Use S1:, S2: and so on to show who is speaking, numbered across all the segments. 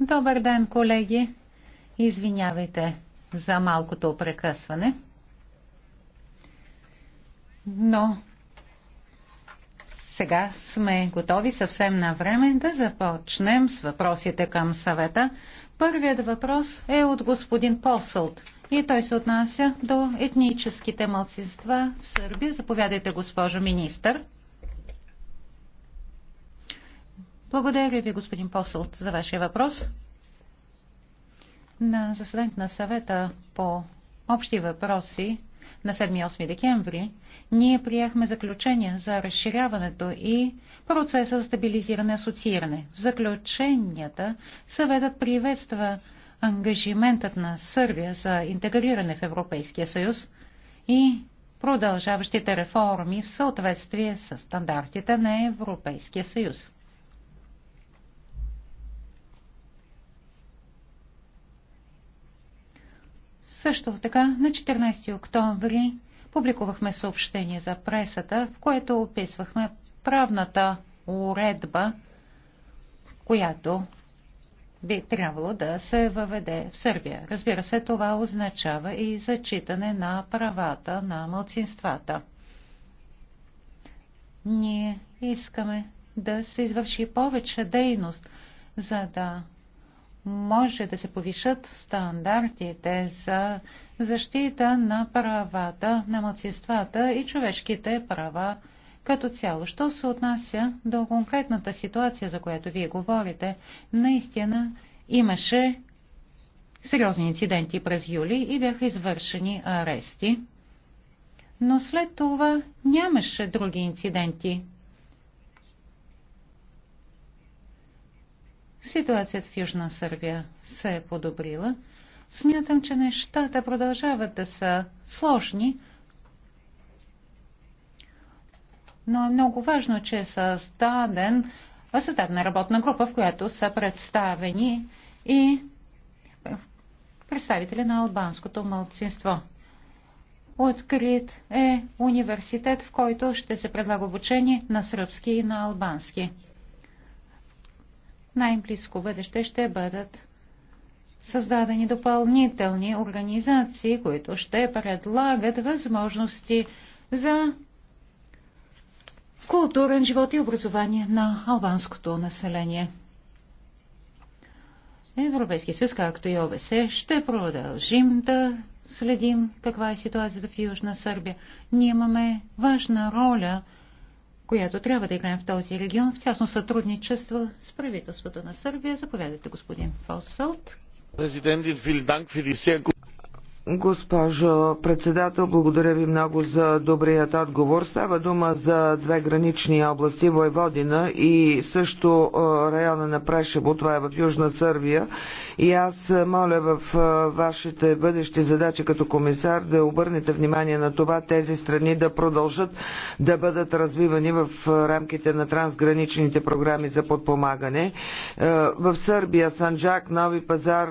S1: Добър ден, колеги. Извинявайте за малкото прекъсване. Но сега сме готови съвсем на време да започнем с въпросите към съвета. Първият въпрос е от господин Посълт и той се отнася до етническите мълцинства в Сърбия. Заповядайте, госпожо министър. Благодаря ви, господин Посълт, за вашия въпрос. На заседанието на съвета по общи въпроси на 7-8 декември ние приехме заключение за разширяването и процеса за стабилизиране и асоцииране. В заключенията съветът приветства ангажиментът на Сърбия за интегриране в Европейския съюз и продължаващите реформи в съответствие с стандартите на Европейския съюз. Също така на 14 октомври публикувахме съобщение за пресата, в което описвахме правната уредба, която би трябвало да се въведе в Сърбия. Разбира се, това означава и зачитане на правата на мълцинствата. Ние искаме да се извърши повече дейност, за да може да се повишат стандартите за защита на правата на младсинствата и човешките права като цяло. Що се отнася до конкретната ситуация, за която вие говорите, наистина имаше сериозни инциденти през юли и бяха извършени арести. Но след това нямаше други инциденти. Ситуацията в Южна Сърбия се е подобрила. Смятам, че нещата продължават да са сложни, но е много важно, че е създаден, е създадена работна група, в която са представени и представители на албанското мълцинство. Открит е университет, в който ще се предлага обучение на сръбски и на албански най-близко бъдеще ще бъдат създадени допълнителни организации, които ще предлагат възможности за културен живот и образование на албанското население. Европейския съюз, както и ОБСЕ, ще продължим да следим каква е ситуацията в Южна Сърбия. Ние имаме важна роля – която трябва да играем в този регион, в тясно сътрудничество с правителството на Сърбия. Заповядайте, господин Фосълт.
S2: Госпожо председател, благодаря ви много за добрият отговор. Става дума за две гранични области, Войводина и също района на Прешево, това е в Южна Сърбия. И аз моля в вашите бъдещи задачи като комисар да обърнете внимание на това тези страни да продължат да бъдат развивани в рамките на трансграничните програми за подпомагане. В Сърбия, Санджак, Нови пазар,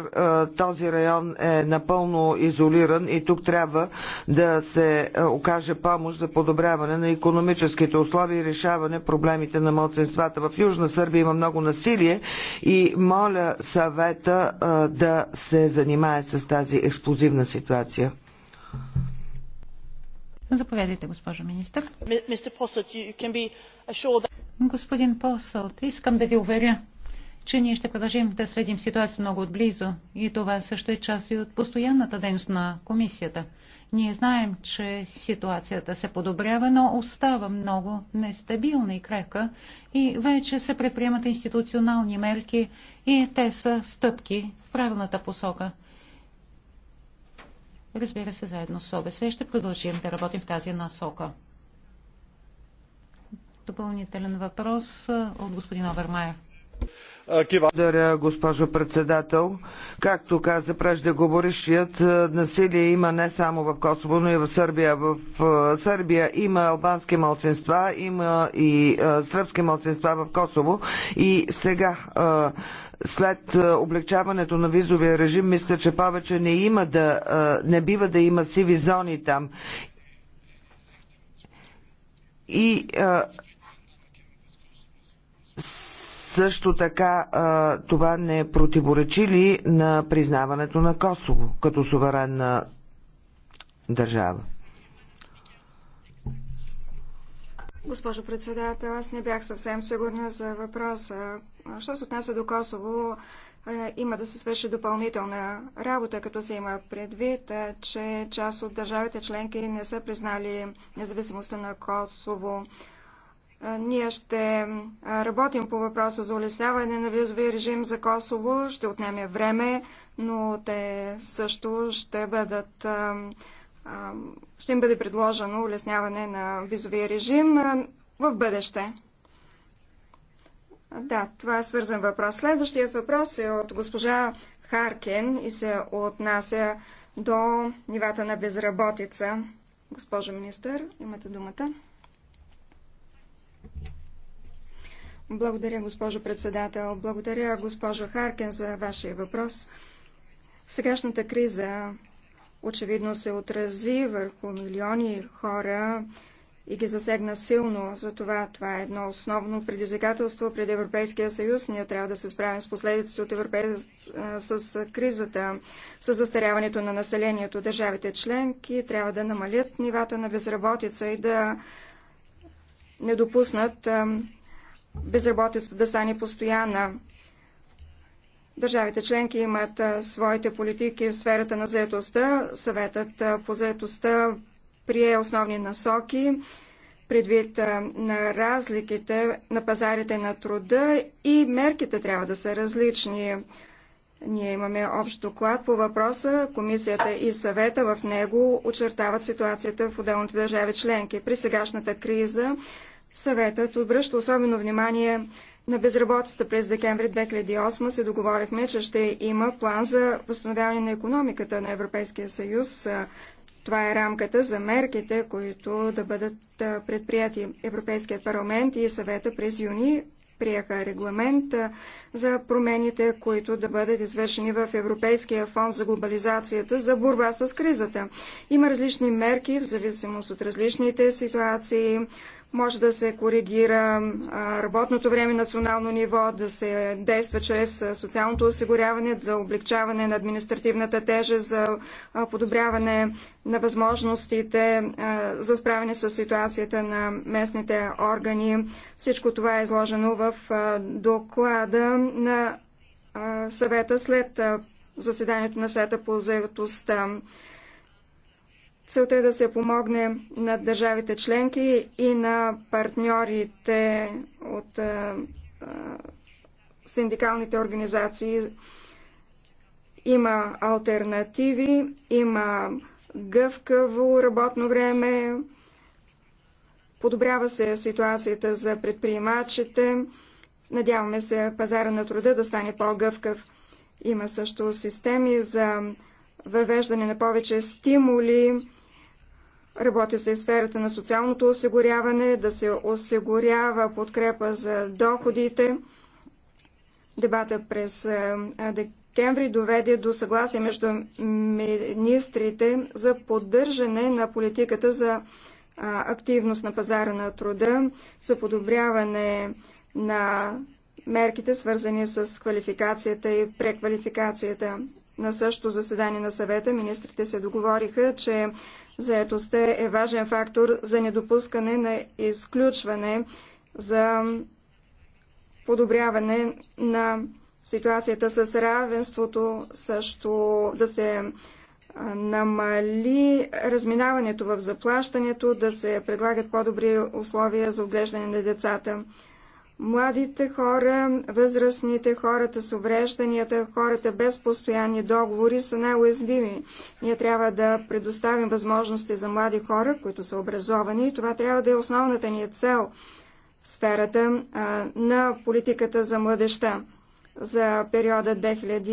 S2: този район е напълно изолиран изолиран и тук трябва да се е, окаже помощ за подобряване на економическите условия и решаване проблемите на младсенствата. В Южна Сърбия има много насилие и моля съвета е, да се занимае с тази експлозивна ситуация.
S1: Заповядайте, госпожо министър. Господин Посълт, искам да ви уверя, че ние ще продължим да следим ситуация много отблизо и това също е част и от постоянната дейност на комисията. Ние знаем, че ситуацията се подобрява, но остава много нестабилна и крехка и вече се предприемат институционални мерки и те са стъпки в правилната посока. Разбира се, заедно с ОБС ще продължим да работим в тази насока. Допълнителен въпрос от господин Овермайер.
S2: Благодаря, госпожо председател. Както каза преждеговорившият, насилие има не само в Косово, но и в Сърбия. В Сърбия има албански малцинства, има и сръбски малцинства в Косово. И сега, след облегчаването на визовия режим, мисля, че повече не, има да, не бива да има сиви зони там. И също така това не противоречи ли на признаването на Косово като суверенна държава?
S3: Госпожо председател, аз не бях съвсем сигурна за въпроса. Що се отнася до Косово, има да се свърши допълнителна работа, като се има предвид, че част от държавите членки не са признали независимостта на Косово. Ние ще работим по въпроса за улесняване на визови режим за Косово. Ще отнеме време, но те също ще бъдат ще им бъде предложено улесняване на визовия режим в бъдеще. Да, това е свързан въпрос. Следващият въпрос е от госпожа Харкен и се отнася до нивата на безработица. Госпожо министър, имате думата. Благодаря, госпожо председател. Благодаря, госпожо Харкен, за вашия въпрос. Сегашната криза очевидно се отрази върху милиони хора и ги засегна силно. Затова това е едно основно предизвикателство пред Европейския съюз. Ние трябва да се справим с последиците от Европе... с кризата, с застаряването на населението. Държавите членки трябва да намалят нивата на безработица и да не допуснат безработицата да стане постоянна. Държавите членки имат своите политики в сферата на заетостта. Съветът по заетостта прие основни насоки предвид на разликите на пазарите на труда и мерките трябва да са различни. Ние имаме общ доклад по въпроса. Комисията и съвета в него очертават ситуацията в отделните държави членки. При сегашната криза Съветът обръща особено внимание на безработицата през декември 2008 се договорихме, че ще има план за възстановяване на економиката на Европейския съюз. Това е рамката за мерките, които да бъдат предприяти. Европейският парламент и съвета през юни приеха регламент за промените, които да бъдат извършени в Европейския фонд за глобализацията за борба с кризата. Има различни мерки в зависимост от различните ситуации, може да се коригира работното време национално ниво, да се действа чрез социалното осигуряване за облегчаване на административната тежа за подобряване на възможностите за справяне с ситуацията на местните органи. Всичко това е изложено в доклада на съвета след заседанието на света по заедостта. Целта е да се помогне на държавите членки и на партньорите от е, е, синдикалните организации. Има альтернативи, има гъвкаво работно време, подобрява се ситуацията за предприемачите. Надяваме се пазара на труда да стане по-гъвкав. Има също системи за въвеждане на повече стимули, работи се в сферата на социалното осигуряване, да се осигурява подкрепа за доходите. Дебата през декември доведе до съгласие между министрите за поддържане на политиката за активност на пазара на труда, за подобряване на мерките, свързани с квалификацията и преквалификацията. На същото заседание на съвета министрите се договориха, че заетостта е важен фактор за недопускане на изключване за подобряване на ситуацията с равенството, също да се намали разминаването в заплащането, да се предлагат по-добри условия за отглеждане на децата. Младите хора, възрастните, хората с уврежданията, хората без постоянни договори са най-уязвими. Ние трябва да предоставим възможности за млади хора, които са образовани и това трябва да е основната ни цел в сферата а, на политиката за младеща за периода 2010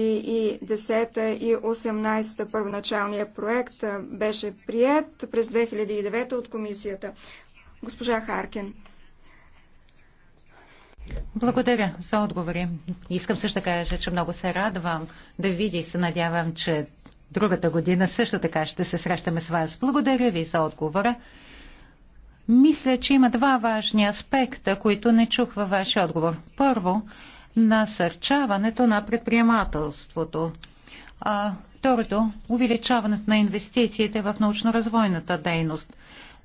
S3: и 2018 първоначалният проект беше прият през 2009 от комисията. Госпожа Харкин.
S1: Благодаря за отговори. Искам също да кажа, че много се радвам да видя и се надявам, че другата година също така ще се срещаме с вас. Благодаря ви за отговора. Мисля, че има два важни аспекта, които не чух във вашия отговор. Първо, насърчаването на предприемателството. А, второто, увеличаването на инвестициите в научно-развойната дейност.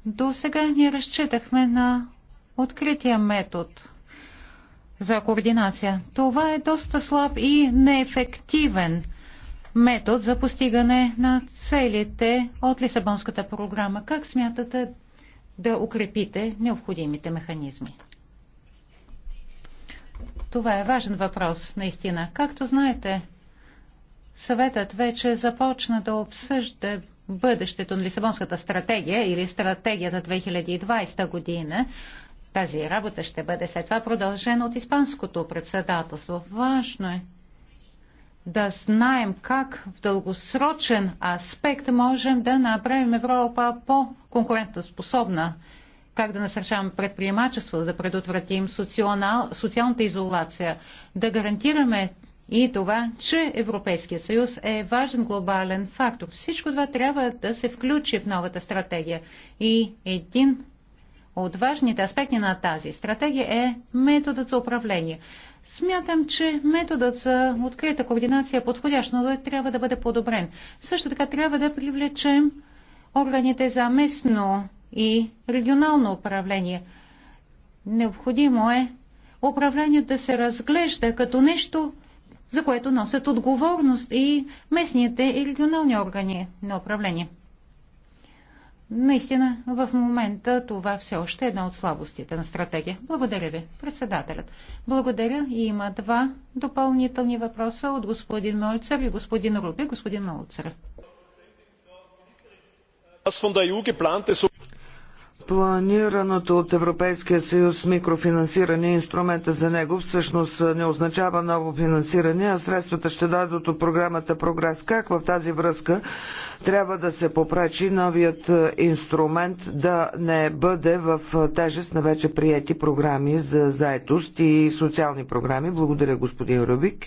S1: До сега ние разчитахме на открития метод – за координация. Това е доста слаб и неефективен метод за постигане на целите от Лисабонската програма. Как смятате да укрепите необходимите механизми? Това е важен въпрос, наистина. Както знаете, съветът вече започна да обсъжда бъдещето на Лисабонската стратегия или стратегията 2020 година. Тази работа ще бъде след това продължена от Испанското председателство. Важно е да знаем как в дългосрочен аспект можем да направим Европа по-конкурентоспособна, как да насърчаваме предприемачество, да предотвратим социал, социалната изолация, да гарантираме и това, че Европейския съюз е важен глобален фактор. Всичко това трябва да се включи в новата стратегия. И един от важните аспекти на тази стратегия е методът за управление. Смятам, че методът за открита координация е подходящ, но трябва да бъде подобрен. Също така трябва да привлечем органите за местно и регионално управление. Необходимо е управлението да се разглежда като нещо, за което носят отговорност и местните и регионални органи на управление. Наистина, в момента това все още е една от слабостите на стратегия. Благодаря ви, председателят. Благодаря. И има два допълнителни въпроса от господин Молцер и господин Руби. Господин Молцер. Аз фонда ЮГЕ планте
S2: Планираното от Европейския съюз микрофинансиране и инструмента за него всъщност не означава ново финансиране, а средствата ще дойдат от програмата Прогрес. Как в тази връзка трябва да се попречи новият е, инструмент да не бъде в е, тежест на вече приети програми за заетост и социални програми? Благодаря, господин Рубик.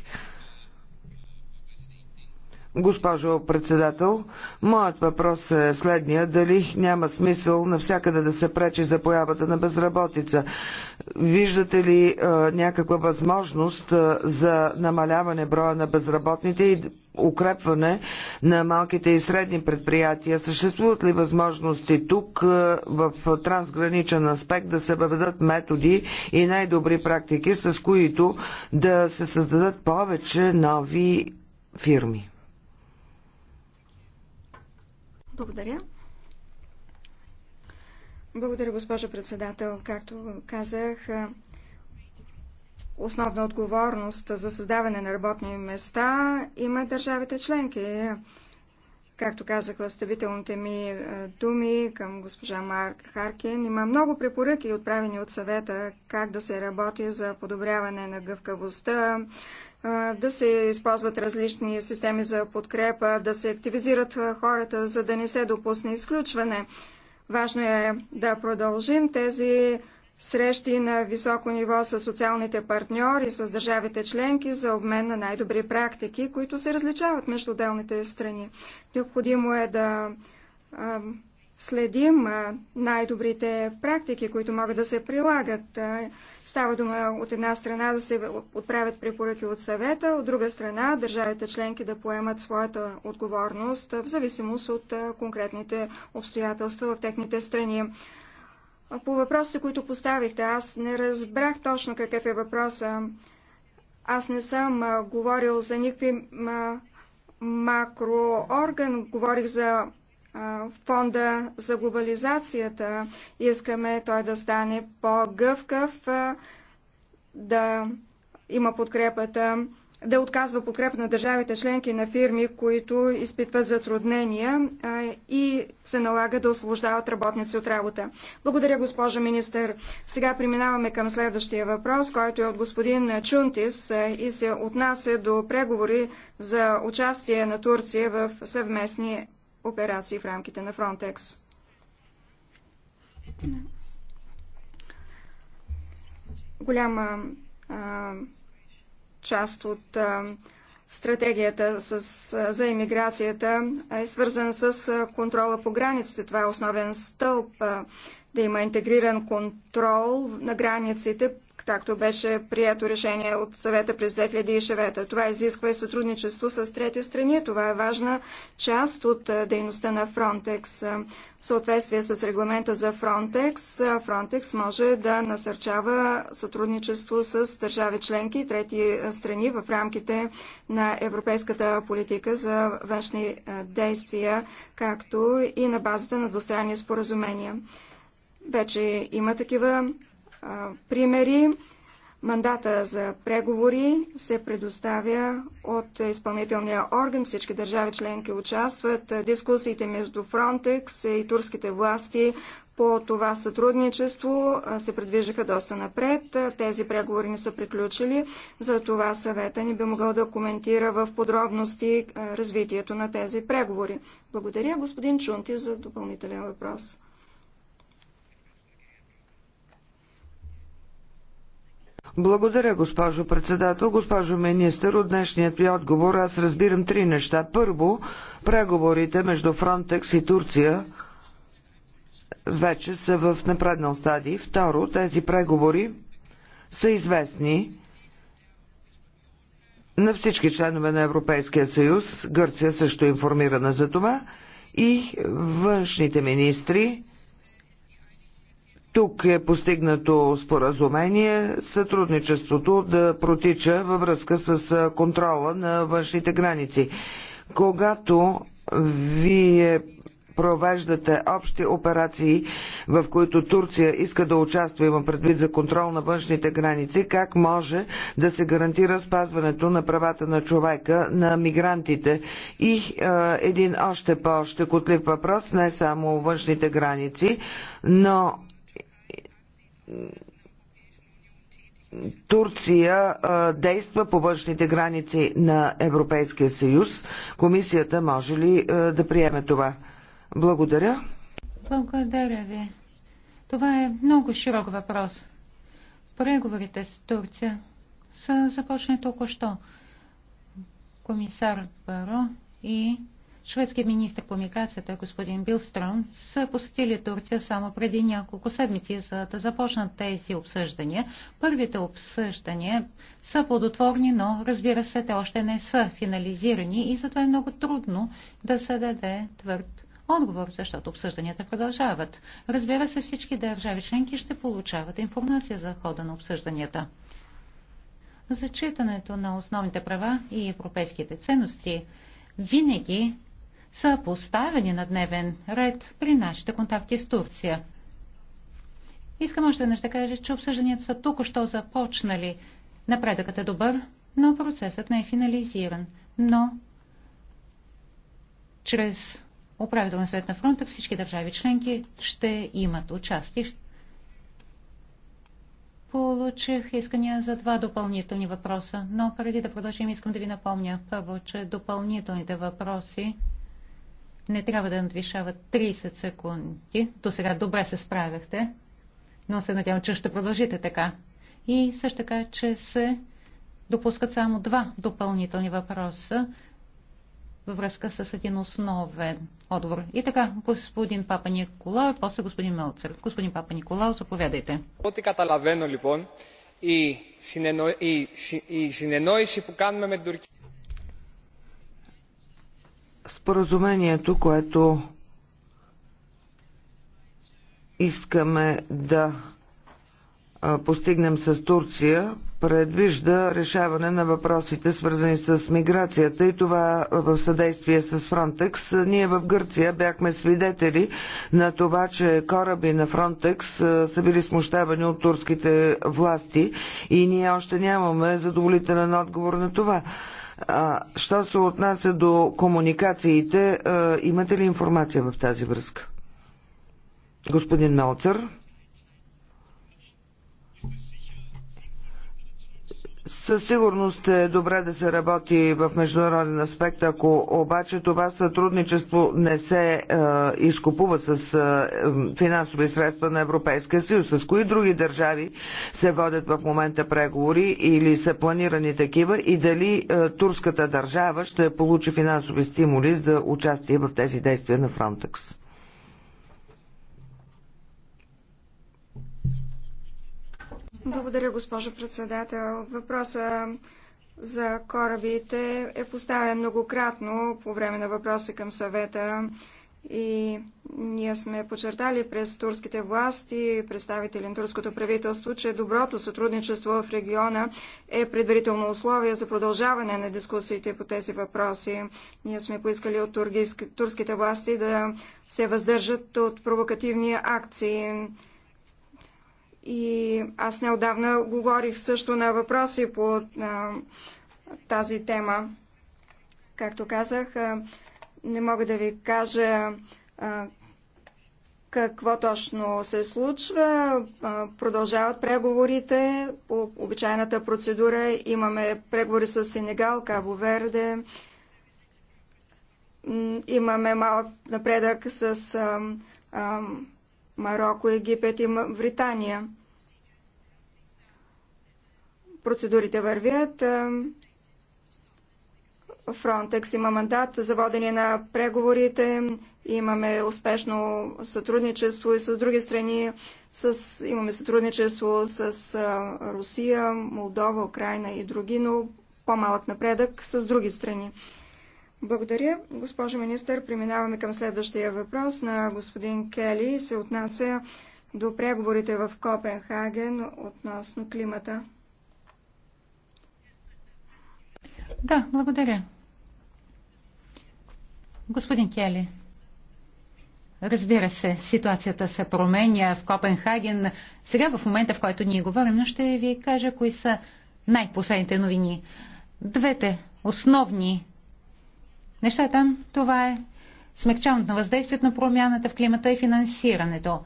S2: Госпожо председател, моят въпрос е следния. Дали няма смисъл навсякъде да се пречи за появата на безработица? Виждате ли а, е, някаква възможност а, е, за намаляване броя на безработните и укрепване на малките и средни предприятия? Съществуват ли възможности тук е, в трансграничен аспект да се въведат методи и най-добри практики, с които да се създадат повече нови фирми?
S3: Благодаря. Благодаря, госпожо председател. Както казах, основна отговорност за създаване на работни места има държавите членки. Както казах в ми думи към госпожа Марк Харкин, има много препоръки, отправени от съвета, как да се работи за подобряване на гъвкавостта, да се използват различни системи за подкрепа, да се активизират хората, за да не се допусне изключване. Важно е да продължим тези срещи на високо ниво с социалните партньори, с държавите членки за обмен на най-добри практики, които се различават между отделните страни. Необходимо е да следим най-добрите практики, които могат да се прилагат. Става дума от една страна да се отправят препоръки от съвета, от друга страна държавите членки да поемат своята отговорност в зависимост от конкретните обстоятелства в техните страни. По въпросите, които поставихте, аз не разбрах точно какъв е въпроса. Аз не съм говорил за никакви макроорган, говорих за фонда за глобализацията. Искаме той да стане по-гъвкав, да има подкрепата, да отказва подкреп на държавите членки на фирми, които изпитват затруднения и се налага да освобождават работници от работа. Благодаря, госпожа министър. Сега преминаваме към следващия въпрос, който е от господин Чунтис и се отнася до преговори за участие на Турция в съвместни операции в рамките на Фронтекс. Голяма а, част от а, стратегията с, за иммиграцията е свързана с контрола по границите. Това е основен стълб да има интегриран контрол на границите както беше прието решение от съвета през 2009. Това изисква и сътрудничество с трети страни. Това е важна част от дейността на Фронтекс. В съответствие с регламента за Фронтекс, Фронтекс може да насърчава сътрудничество с държави членки и трети страни в рамките на европейската политика за външни действия, както и на базата на двустранни споразумения. Вече има такива примери. Мандата за преговори се предоставя от изпълнителния орган. Всички държави членки участват. Дискусиите между Фронтекс и турските власти по това сътрудничество се предвиждаха доста напред. Тези преговори не са приключили, за това съвета ни би могъл да коментира в подробности развитието на тези преговори. Благодаря господин Чунти за допълнителен въпрос.
S2: Благодаря, госпожо председател. Госпожо министър, от днешният ви отговор аз разбирам три неща. Първо, преговорите между Фронтекс и Турция вече са в напреднал стадий. Второ, тези преговори са известни на всички членове на Европейския съюз. Гърция също е информирана за това. И външните министри тук е постигнато споразумение сътрудничеството да протича във връзка с контрола на външните граници. Когато вие провеждате общи операции, в които Турция иска да участва, има предвид за контрол на външните граници, как може да се гарантира спазването на правата на човека, на мигрантите? И е, един още по-щекотлив въпрос, не само външните граници, но Турция а, действа по външните граници на Европейския съюз. Комисията може ли а, да приеме това? Благодаря.
S1: Благодаря ви. Това е много широк въпрос. Преговорите с Турция са започнали току-що. Комисар Баро и Шведския министр по миграцията господин Билстрон са посетили Турция само преди няколко седмици, за да започнат тези обсъждания. Първите обсъждания са плодотворни, но разбира се, те още не са финализирани и затова е много трудно да се даде твърд отговор, защото обсъжданията продължават. Разбира се, всички държави членки ще получават информация за хода на обсъжданията. Зачитането на основните права и европейските ценности винаги са поставени на дневен ред при нашите контакти с Турция. Искам още веднъж да кажа, че обсъжданията са тук, що започнали. Напредъкът е добър, но процесът не е финализиран. Но чрез управителен съвет на фронта всички държави членки ще имат участие. Получих искания за два допълнителни въпроса, но преди да продължим искам да ви напомня първо, че допълнителните въпроси не трябва да надвишават 30 секунди. До сега добре се справяхте, но се надявам, че ще продължите така. И също така, че се допускат само два допълнителни въпроса във връзка с един основен отговор. И така, господин Папа Николао, после господин Мелцер. Господин Папа Николао, заповядайте.
S2: Ό,τι καταλαβαίνω λοιπόν, η, συνεννόηση που κάνουμε με την Τουρκία Споразумението, което искаме да постигнем с Турция, предвижда решаване на въпросите свързани с миграцията и това в съдействие с Фронтекс. Ние в Гърция бяхме свидетели на това, че кораби на Фронтекс са били смущавани от турските власти и ние още нямаме задоволителен отговор на това. А, що се отнася до комуникациите, а, имате ли информация в тази връзка? Господин Мелцер. Със сигурност е добре да се работи в международен аспект, ако обаче това сътрудничество не се е, изкупува с е, финансови средства на Европейския съюз. С кои други държави се водят в момента преговори или са планирани такива и дали е, турската държава ще получи финансови стимули за участие в тези действия на Фронтекс?
S3: Благодаря, госпожо председател. Въпроса за корабите е поставен многократно по време на въпроса към съвета и ние сме подчертали през турските власти, представители на турското правителство, че доброто сътрудничество в региона е предварително условие за продължаване на дискусиите по тези въпроси. Ние сме поискали от турските власти да се въздържат от провокативни акции и аз неодавна говорих също на въпроси по а, тази тема. Както казах, а, не мога да ви кажа а, какво точно се случва. Продължават преговорите по обичайната процедура. Имаме преговори с Сенегал, Кабо Верде. Имаме малък напредък с Марокко, Египет и Британия. Процедурите вървят. Фронтекс има мандат за водене на преговорите. Имаме успешно сътрудничество и с други страни. С, имаме сътрудничество с Русия, Молдова, Украина и други, но по-малък напредък с други страни. Благодаря, госпожо министър. Преминаваме към следващия въпрос на господин Кели. Се отнася до преговорите в Копенхаген относно климата. Да, благодаря.
S1: Господин Кели, разбира се, ситуацията се променя в Копенхаген. Сега в момента, в който ние говорим, но ще ви кажа кои са най-последните новини. Двете основни неща там, това е смягчаването на въздействието на промяната в климата и финансирането.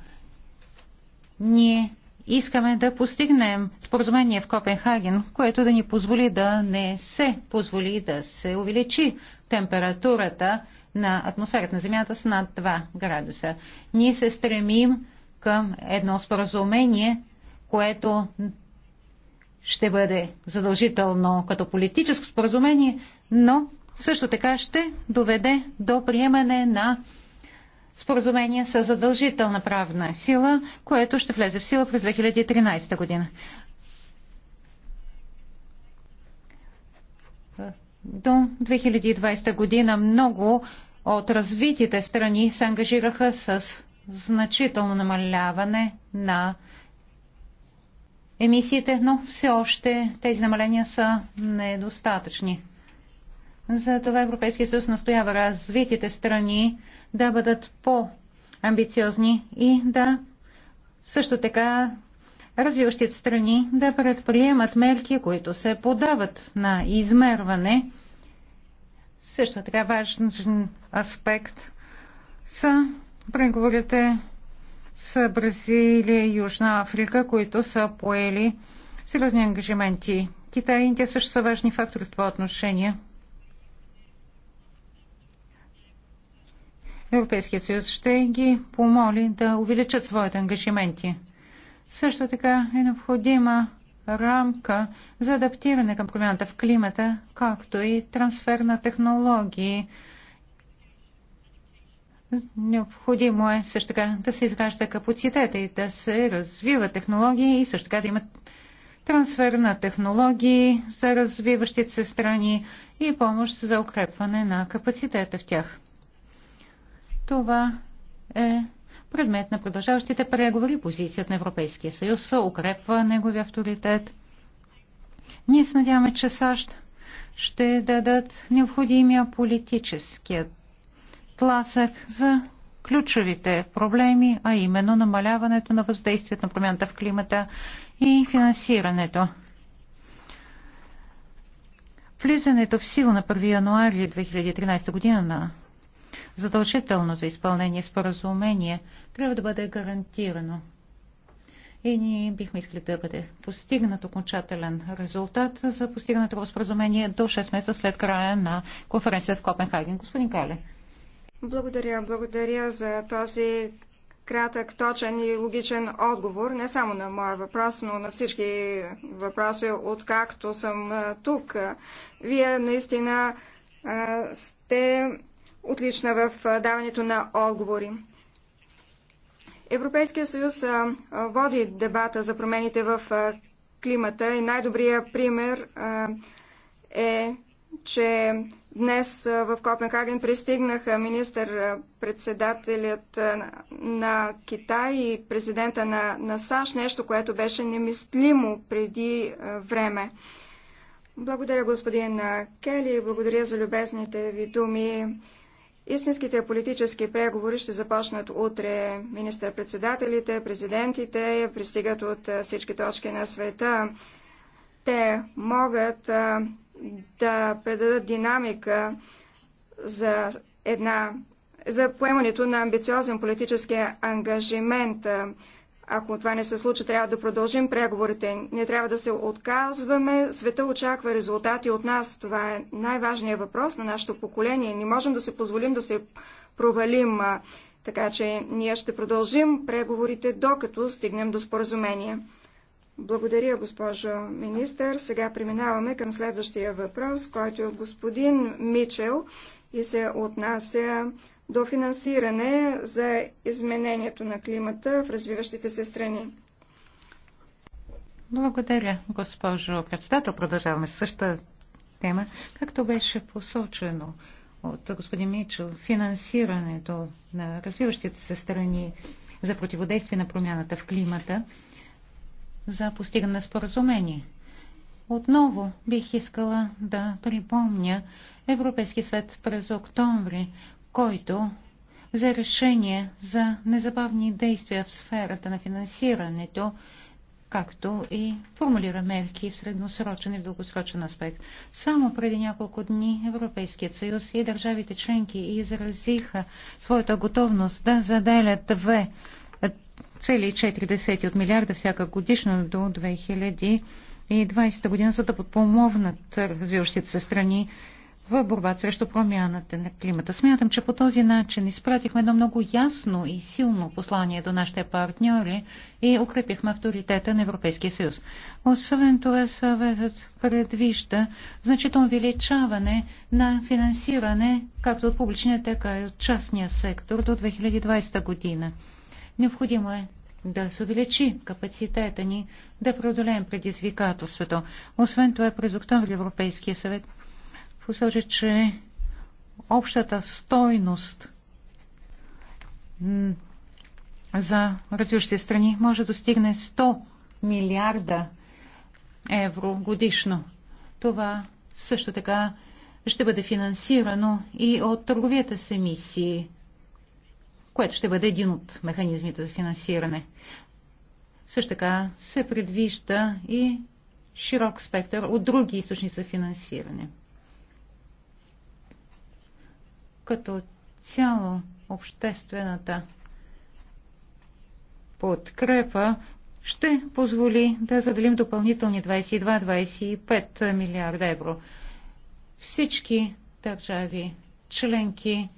S1: Ние искаме да постигнем споразумение в Копенхаген, което да ни позволи да не се позволи да се увеличи температурата на атмосферата на Земята с над 2 градуса. Ние се стремим към едно споразумение, което ще бъде задължително като политическо споразумение, но също така ще доведе до приемане на споразумение с задължителна правна сила, което ще влезе в сила през 2013 година. До 2020 година много от развитите страни се ангажираха с значително намаляване на емисиите, но все още тези намаления са недостатъчни. Затова Европейския съюз настоява развитите страни да бъдат по-амбициозни и да също така развиващите страни да предприемат мерки, които се подават на измерване. Също така важен аспект са преговорите с Бразилия и Южна Африка, които са поели сериозни ангажименти. Китай и Индия също са важни фактори в това отношение. Европейският съюз ще ги помоли да увеличат своите ангажименти. Също така е необходима рамка за адаптиране към промяната в климата, както и трансфер на технологии. Необходимо е също така да се изгражда капацитета и да се развиват технологии и също така да имат трансфер на технологии за развиващите се страни и помощ за укрепване на капацитета в тях. Това е предмет на продължаващите преговори. Позицията на Европейския съюз укрепва неговия авторитет. Ние се надяваме, че САЩ ще дадат необходимия политически тласък за ключовите проблеми, а именно намаляването на въздействието на промяната в климата и финансирането. Влизането в сила на 1 януари 2013 година на задължително за изпълнение споразумение трябва да бъде гарантирано. И ние бихме искали да бъде постигнат окончателен резултат за постигнато споразумение до 6 месеца след края на конференция в Копенхаген. Господин Кале.
S3: Благодаря. Благодаря за този кратък, точен и логичен отговор, не само на моя въпрос, но на всички въпроси, откакто съм тук. Вие наистина сте отлична в даването на отговори. Европейския съюз води дебата за промените в климата и най-добрият пример е, че днес в Копенхаген пристигнаха министър-председателят на Китай и президента на, на САЩ, нещо, което беше немислимо преди време. Благодаря, господин Кели, благодаря за любезните ви думи. Истинските политически преговори ще започнат утре. Министър-председателите, президентите пристигат от всички точки на света. Те могат да предадат динамика за една за поемането на амбициозен политически ангажимент ако това не се случи, трябва да продължим преговорите. Не трябва да се отказваме. Света очаква резултати от нас. Това е най-важният въпрос на нашето поколение. Не можем да се позволим да се провалим. Така че ние ще продължим преговорите, докато стигнем до споразумение. Благодаря, госпожо министър. Сега преминаваме към следващия въпрос, който е от господин Мичел и се отнася до финансиране за изменението на климата в развиващите се страни.
S1: Благодаря, госпожо председател. Продължаваме същата тема, както беше посочено от господин Мичел. Финансирането на развиващите се страни за противодействие на промяната в климата – за постигане на споразумение. Отново бих искала да припомня Европейски свет през октомври, който за решение за незабавни действия в сферата на финансирането, както и формулира мерки в средносрочен и в дългосрочен аспект. Само преди няколко дни Европейският съюз и държавите членки изразиха своята готовност да заделят две. 2,4 от милиарда всяка годишно до 2020 година, за да подпомогнат развиващите се страни в борба срещу промяната на климата. Смятам, че по този начин изпратихме едно много ясно и силно послание до нашите партньори и укрепихме авторитета на Европейския съюз. Освен това, съветът предвижда значително увеличаване на финансиране както от публичния, така и от частния сектор до 2020 година. Необходимо е да се увеличи капацитета ни да преодолеем предизвикателството. Освен това, през октомври Европейския съвет посочи, че общата стойност за развиващите страни може да достигне 100 милиарда евро годишно. Това също така ще бъде финансирано и от търговията с емисии което ще бъде един от механизмите за финансиране. Също така се предвижда и широк спектър от други източници за финансиране. Като цяло обществената подкрепа ще позволи да заделим допълнителни 22-25 милиарда евро. Всички държави членки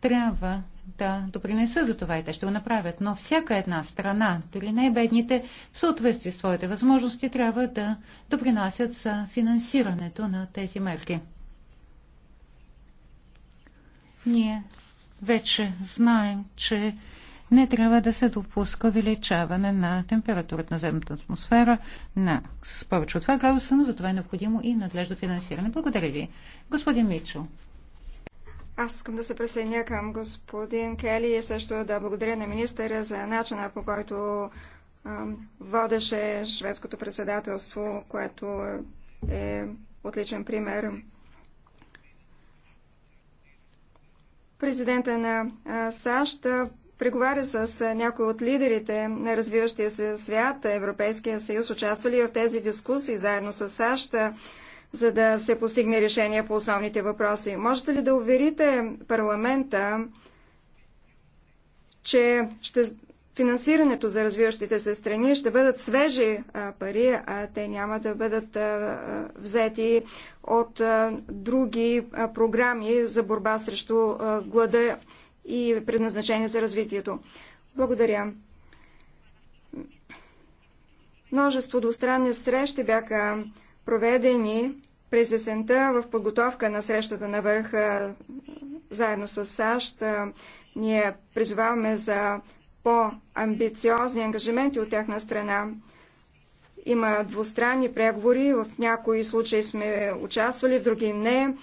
S1: трябва да допринеса за това и те ще го направят. Но всяка една страна, дори най-бедните, в съответствие с своите възможности, трябва да допринасят за финансирането на тези мерки. Ние вече знаем, че не трябва да се допуска увеличаване на температурата на земната атмосфера на с повече от 2 градуса, но за това е необходимо и надлежно финансиране. Благодаря ви. Господин Мичел.
S3: Аз искам да се присъединя към господин Кели и също да благодаря на министъра за начина по който водеше шведското председателство, което е отличен пример. Президента на САЩ преговаря с някои от лидерите на развиващия се свят, Европейския съюз, участвали в тези дискусии заедно с САЩ за да се постигне решение по основните въпроси. Можете ли да уверите парламента, че ще финансирането за развиващите се страни ще бъдат свежи а, пари, а те няма да бъдат а, взети от а, други а, програми за борба срещу а, глада и предназначение за развитието. Благодаря. Множество двустранни срещи бяха проведени през есента в подготовка на срещата на върха заедно с САЩ. Ние призоваваме за по-амбициозни ангажименти от тяхна страна. Има двустранни преговори, в някои случаи сме участвали, в други не.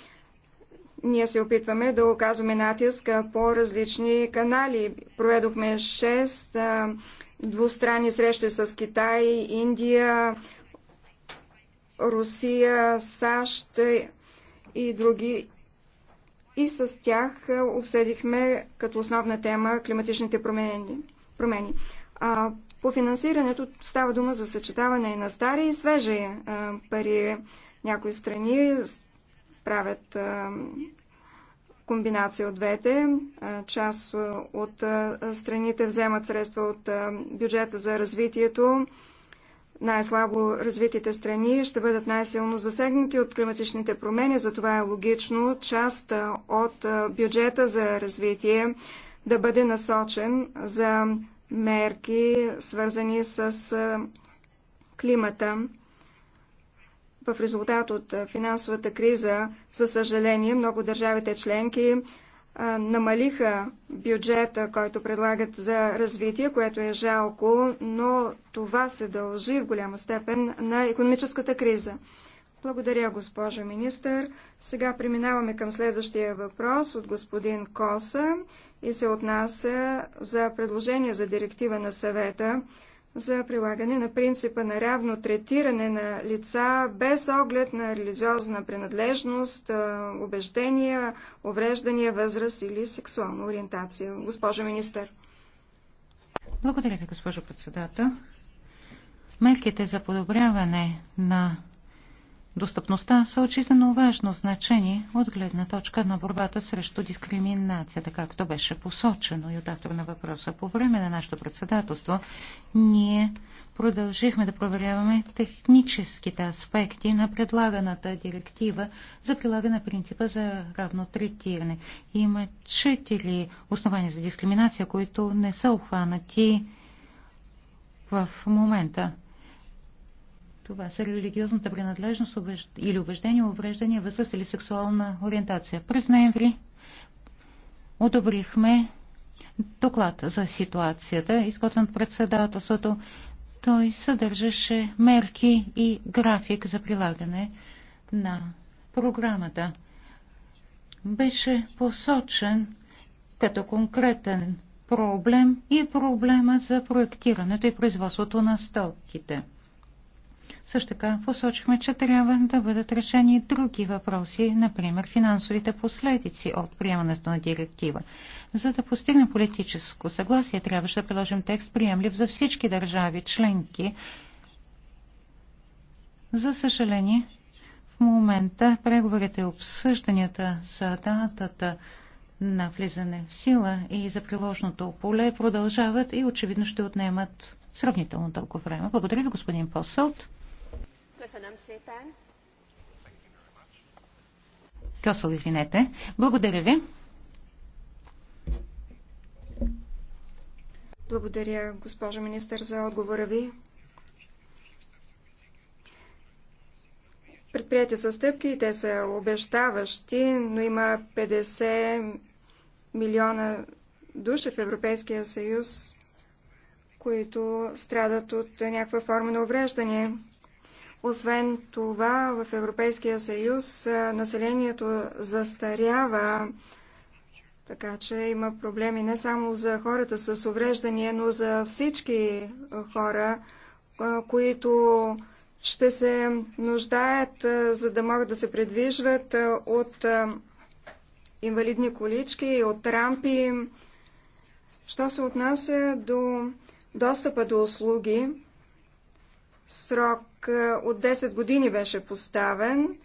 S3: Ние се опитваме да оказваме натиск по различни канали. Проведохме 6 двустранни срещи с Китай, Индия, Русия, САЩ и други. И с тях е, обсъдихме като основна тема климатичните промени. промени. А, по финансирането става дума за съчетаване на стари и свежи а, е, пари. Някои страни правят а, е, комбинация от двете. Част от страните вземат средства от бюджета за развитието най-слабо развитите страни ще бъдат най-силно засегнати от климатичните промени. Затова е логично част от бюджета за развитие да бъде насочен за мерки, свързани с климата. В резултат от финансовата криза, за съжаление, много държавите членки намалиха бюджета, който предлагат за развитие, което е жалко, но това се дължи в голяма степен на економическата криза. Благодаря, госпожа министър. Сега преминаваме към следващия въпрос от господин Коса и се отнася за предложение за директива на съвета за прилагане на принципа на равно третиране на лица без оглед на религиозна принадлежност, убеждения, увреждания, възраст или сексуална ориентация. Госпожо министър.
S1: Благодаря ви, госпожо председател. Мерките за подобряване на достъпността са от жизнено важно значение от гледна точка на борбата срещу дискриминацията, както беше посочено и от автор на въпроса. По време на нашето председателство ние продължихме да проверяваме техническите аспекти на предлаганата директива за прилагане на принципа за равно третиране. Има четири основания за дискриминация, които не са обхванати в момента. Това са религиозната принадлежност или убеждение, увреждане, възраст или сексуална ориентация. През ноември одобрихме доклад за ситуацията, изготвен от председателството. Той съдържаше мерки и график за прилагане на програмата. Беше посочен като конкретен проблем и проблема за проектирането и производството на стоките – също така посочихме, че трябва да бъдат решени други въпроси, например финансовите последици от приемането на директива. За да постигне политическо съгласие, трябваше да приложим текст приемлив за всички държави членки. За съжаление, в момента преговорите и обсъжданията за датата на влизане в сила и за приложното поле продължават и очевидно ще отнемат сравнително дълго време. Благодаря ви, господин Посълт. Köszönöm szépen. Кьосъл, извинете. Благодаря ви.
S3: Благодаря, госпожо министър, за отговора ви. Предприяти са стъпки и те са обещаващи, но има 50 милиона души в Европейския съюз, които страдат от някаква форма на увреждане. Освен това, в Европейския съюз населението застарява, така че има проблеми не само за хората с увреждания, но за всички хора, които ще се нуждаят, за да могат да се предвижват от инвалидни колички, от рампи. Що се отнася до достъпа до услуги, Срок е, от 10 години беше поставен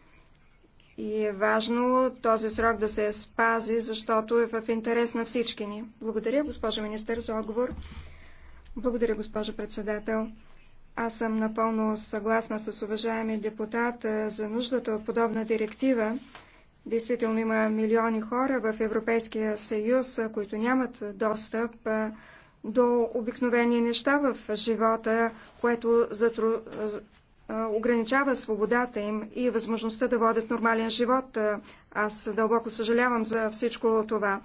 S3: и е важно този срок да се спази, защото е в интерес на всички ни. Благодаря, госпожа министър, за отговор. Благодаря, госпожа председател. Аз съм напълно съгласна с уважаеми депутат е, за нуждата от подобна директива. Действително има милиони хора в Европейския съюз, е, които нямат достъп до обикновени неща в живота, което затру... ограничава свободата им и възможността да водят нормален живот. Аз дълбоко съжалявам за всичко това.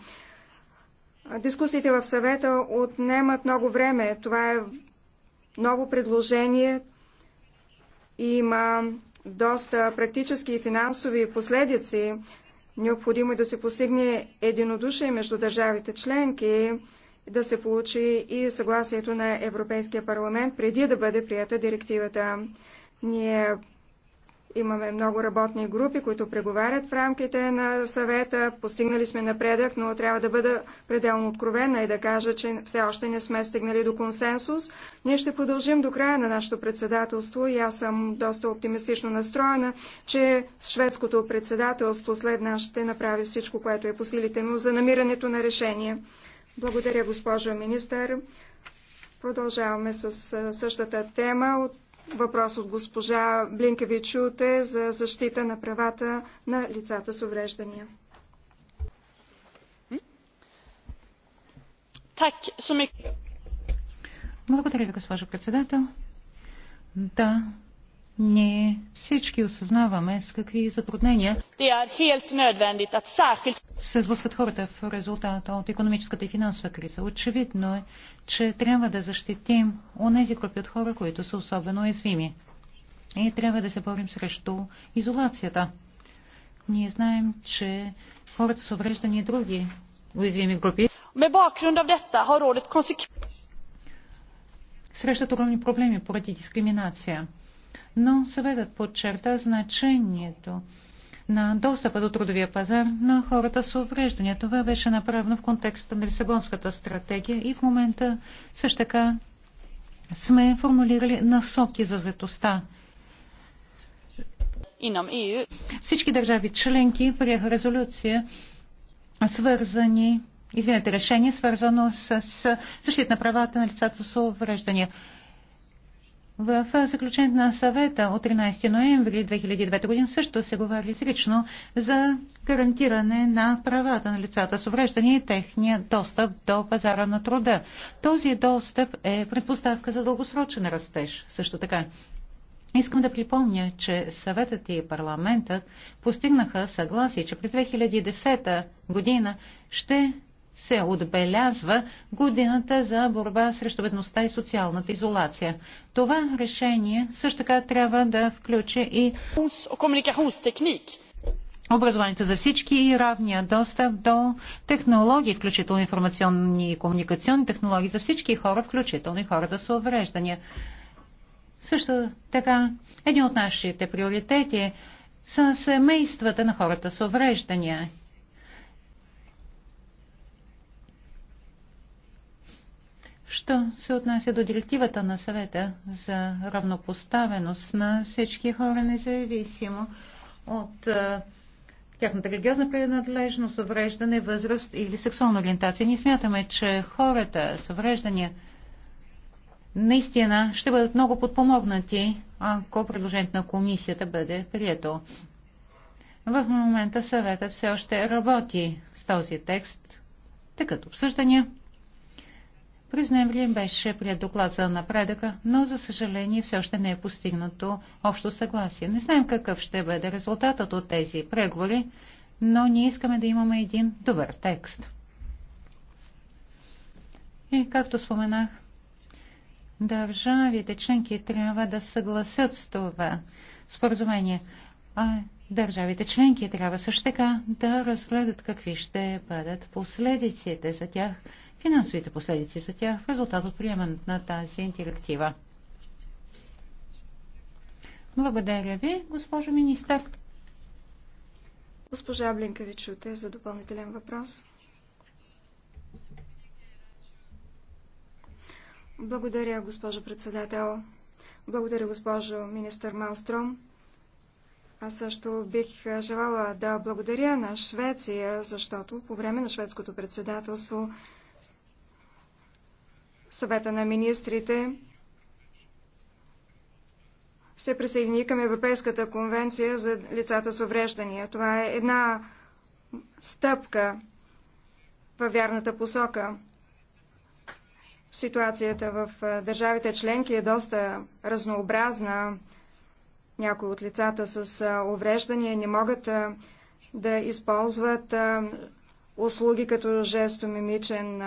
S3: Дискусиите в съвета отнемат много време. Това е ново предложение. Има доста практически и финансови последици. Необходимо е да се постигне единодушие между държавите членки да се получи и съгласието на Европейския парламент преди да бъде прията директивата. Ние имаме много работни групи, които преговарят в рамките на съвета. Постигнали сме напредък, но трябва да бъда пределно откровена и да кажа, че все още не сме стигнали до консенсус. Ние ще продължим до края на нашето председателство и аз съм доста оптимистично настроена, че шведското председателство след нас ще направи всичко, което е по силите му за намирането на решение. Благодаря, госпожо министър. Продължаваме с същата тема. въпрос от госпожа Блинкевичуте за защита на правата на лицата с увреждания.
S1: Благодаря ви, госпожо председател. Да, ние всички осъзнаваме с какви затруднения се сблъскват хората в резултат от економическата и финансова криза. Очевидно е, че трябва да защитим онези групи от хора, които са особено уязвими. И трябва да се борим срещу изолацията. Ние знаем, че хората са увреждани и други уязвими групи. Срещат огромни проблеми поради дискриминация но съветът подчерта значението на достъпа до трудовия пазар на хората с увреждания. Това беше направено в контекста на Лисабонската стратегия и в момента също така сме формулирали насоки за заетостта. Всички държави членки приеха резолюция, свързани, извинете, решение, свързано с, с защита на правата на лицата с увреждания. В заключението на съвета от 13 ноември 2009 година също се говори изрично за гарантиране на правата на лицата с увреждане и техния достъп до пазара на труда. Този достъп е предпоставка за дългосрочен растеж. Също така, Искам да припомня, че съветът и парламентът постигнаха съгласие, че през 2010 година ще се отбелязва годината за борба срещу бедността и социалната изолация. Това решение също така трябва да включи и образованието за всички и равния достъп до технологии, включително информационни и комуникационни технологии за всички хора, включително и хората с увреждания. Също така, един от нашите приоритети са семействата на хората с увреждания Що се отнася до директивата на съвета за равнопоставеност на всички хора, независимо от е, тяхната религиозна принадлежност, увреждане, възраст или сексуална ориентация. Ние смятаме, че хората с увреждания наистина ще бъдат много подпомогнати, ако предложението на комисията бъде прието. В момента съветът все още работи с този текст, тъкат обсъждания. През ноември беше прият доклад за напредъка, но за съжаление все още не е постигнато общо съгласие. Не знаем какъв ще бъде резултатът от тези преговори, но ние искаме да имаме един добър текст. И както споменах, държавите членки трябва да съгласят с това споразумение, а държавите членки трябва също така да разгледат какви ще бъдат последиците за тях – финансовите последици за тях в резултат от приемането на тази директива.
S3: Благодаря ви, госпожо министър. Госпожа Блинка ви чуете за допълнителен въпрос. Благодаря, госпожо председател. Благодаря, госпожо министър Малстром. Аз също бих желала да благодаря на Швеция, защото по време на шведското председателство съвета на министрите се присъедини към Европейската конвенция за лицата с увреждания. Това е една стъпка във вярната посока. Ситуацията в държавите членки е доста разнообразна. Някои от лицата с увреждания не могат да използват услуги като жестомимичен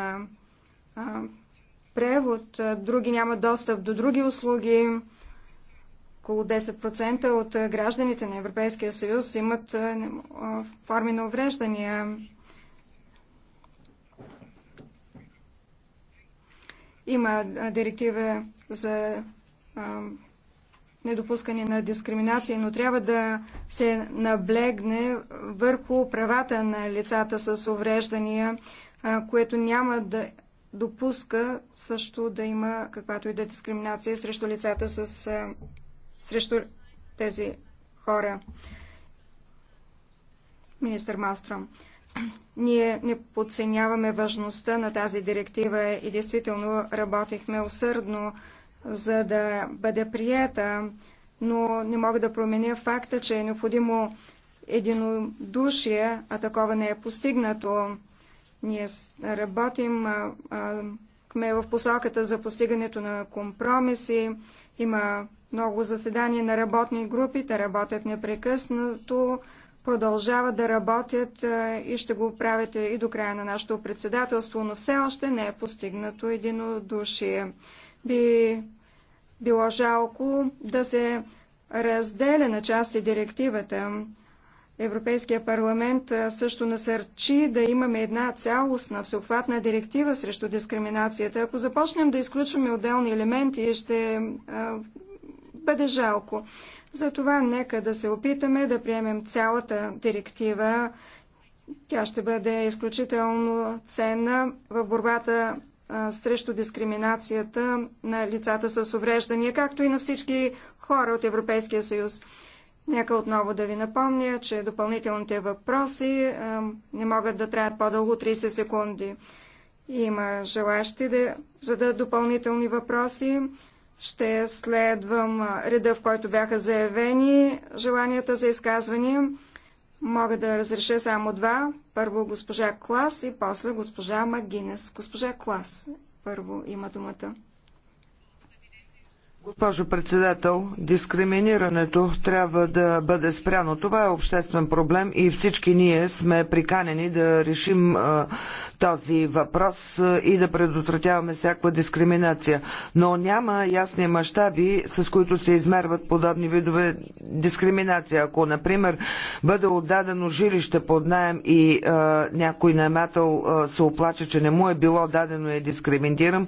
S3: превод, други нямат достъп до други услуги. Около 10% от гражданите на Европейския съюз имат форми на увреждания. Има директива за недопускане на дискриминация, но трябва да се наблегне върху правата на лицата с увреждания, което няма да допуска също да има каквато и да е дискриминация срещу лицата с, срещу тези хора. Министър Мастром, ние не подценяваме важността на тази директива и действително работихме усърдно, за да бъде приета, но не мога да променя факта, че е необходимо единодушие, а такова не е постигнато ние работим сме в посоката за постигането на компромиси. Има много заседания на работни групи, те работят непрекъснато, продължават да работят и ще го правят и до края на нашето председателство, но все още не е постигнато единодушие. Би било жалко да се разделя на части директивата Европейския парламент също насърчи да имаме една цялостна, всеобхватна директива срещу дискриминацията. Ако започнем да изключваме отделни елементи, ще а, бъде жалко. Затова нека да се опитаме да приемем цялата директива. Тя ще бъде изключително ценна в борбата а, срещу дискриминацията на лицата с увреждания, както и на всички хора от Европейския съюз. Нека отново да ви напомня, че допълнителните въпроси не могат да траят по-дълго 30 секунди. Има желащи да зададат допълнителни въпроси. Ще следвам реда, в който бяха заявени желанията за изказвания. Мога да разреша само два. Първо госпожа Клас и после госпожа Магинес. Госпожа Клас първо има думата.
S2: Госпожо председател, дискриминирането трябва да бъде спряно. Това е обществен проблем и всички ние сме приканени да решим а, този въпрос и да предотвратяваме всякаква дискриминация. Но няма ясни мащаби, с които се измерват подобни видове дискриминация. Ако, например, бъде отдадено жилище под найем и а, някой наемател а, се оплаче, че не му е било дадено и е дискриминиран,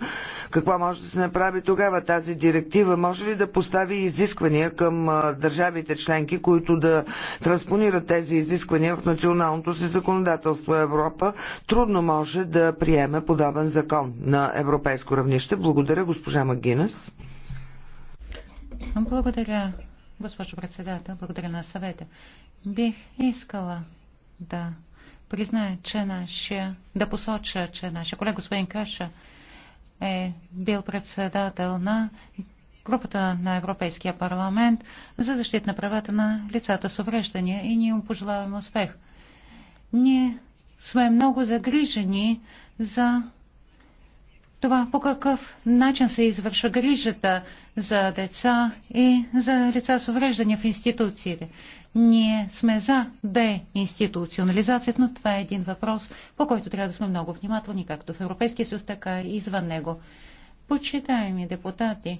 S2: какво може да се направи тогава? Тази директива директива може ли да постави изисквания към държавите членки, които да транспонират тези изисквания в националното си законодателство? Европа трудно може да приеме подобен закон на европейско равнище. Благодаря, госпожа Магинес.
S1: Благодаря, госпожо председател. Благодаря на съвета. Бих искала да призная, че нашия, да посоча, че нашия колега господин Каша е бил председател на групата на Европейския парламент за защита на правата на лицата с увреждания и ние им пожелаваме успех. Ние сме много загрижени за това по какъв начин се извършва грижата за деца и за лица с увреждания в институциите. Ние сме за деинституционализацията, но това е един въпрос, по който трябва да сме много внимателни, както в Европейския съюз, така и извън него. Почитаеми депутати,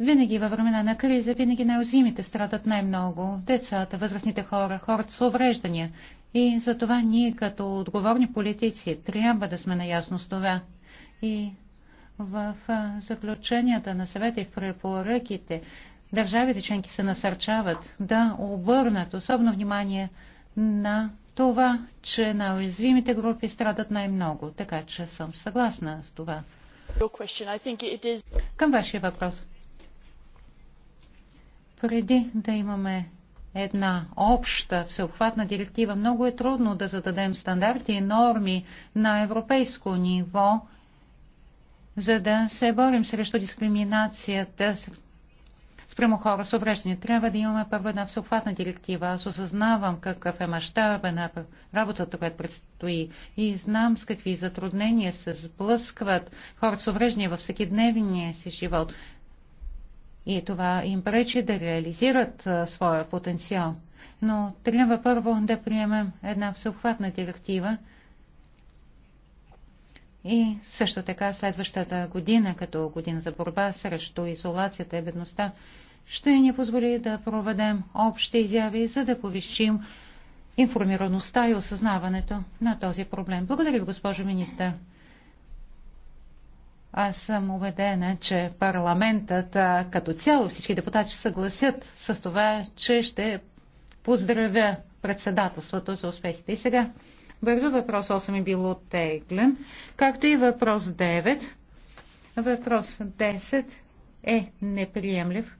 S1: винаги във времена на криза, винаги най-уязвимите страдат най-много. Децата, възрастните хора, хората с увреждания. И за това ние като отговорни политици трябва да сме наясно с това. И в заключенията на съвета и в препоръките държавите членки се насърчават да обърнат особено внимание на това, че на уязвимите групи страдат най-много. Така че съм съгласна с това. Към вашия въпрос преди да имаме една обща, всеобхватна директива, много е трудно да зададем стандарти и норми на европейско ниво, за да се борим срещу дискриминацията спрямо хора с увреждания. Трябва да имаме първо една всеобхватна директива. Аз осъзнавам какъв е мащаба на работата, която предстои и знам с какви затруднения се сблъскват хората с увреждания във всекидневния си живот и това им пречи да реализират своя потенциал. Но трябва първо да приемем една всеобхватна директива и също така следващата година, като година за борба срещу изолацията и бедността, ще ни позволи да проведем общи изяви, за да повишим информираността и осъзнаването на този проблем. Благодаря ви, госпожо министър. Аз съм убедена, че парламентът като цяло всички депутати ще съгласят с това, че ще поздравя председателството за успехите. И сега бързо въпрос 8 е бил оттеглен, както и въпрос 9. Въпрос 10 е неприемлив,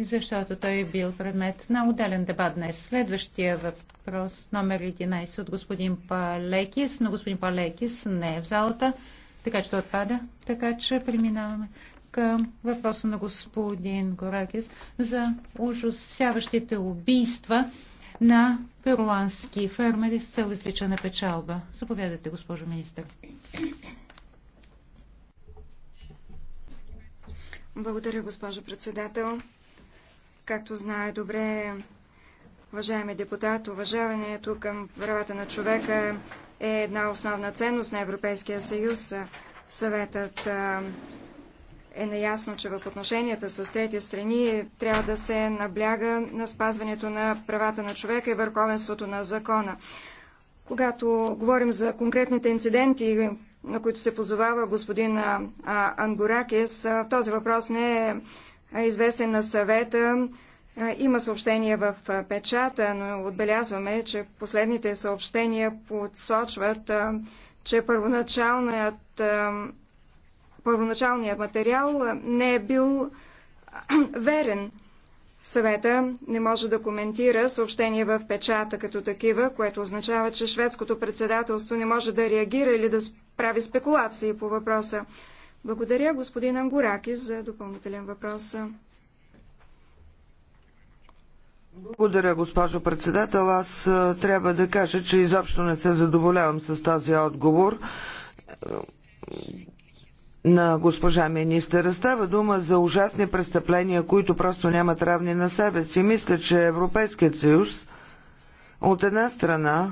S1: защото той е бил предмет на отделен дебат днес. Следващия въпрос номер 11 от господин Палекис, но господин Палекис не е в залата така че отпада. Така че преминаваме към въпроса на господин Горакис за ужасяващите убийства на перуански фермери с цел извличане печалба. Заповядайте, госпожо министър.
S3: Благодаря, госпожо председател. Както знае добре, уважаеми депутат, уважаването към правата на човека е е една основна ценност на Европейския съюз. Съветът е наясно, че в отношенията с трети страни трябва да се набляга на спазването на правата на човека и върховенството на закона. Когато говорим за конкретните инциденти, на които се позовава господин Ангоракис, този въпрос не е известен на съвета. Има съобщения в печата, но отбелязваме, че последните съобщения подсочват, че първоначалният, първоначалният материал не е бил верен. Съвета не може да коментира съобщения в печата като такива, което означава, че шведското председателство не може да реагира или да прави спекулации по въпроса. Благодаря господин Ангураки за допълнителен въпрос.
S2: Благодаря, госпожо председател. Аз трябва да кажа, че изобщо не се задоволявам с този отговор на госпожа министъра. Става дума за ужасни престъпления, които просто нямат равни на себе си. Мисля, че Европейският съюз от една страна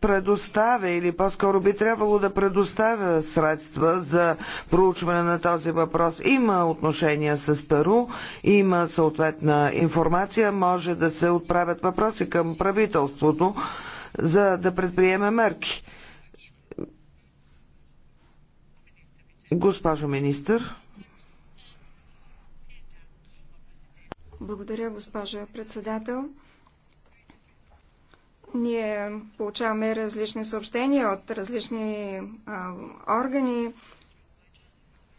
S2: предоставя или по-скоро би трябвало да предоставя средства за проучване на този въпрос. Има отношения с Перу, има съответна информация, може да се отправят въпроси към правителството, за да предприеме мерки. Госпожо министър.
S3: Благодаря, госпожа председател. Ние получаваме различни съобщения от различни а, органи,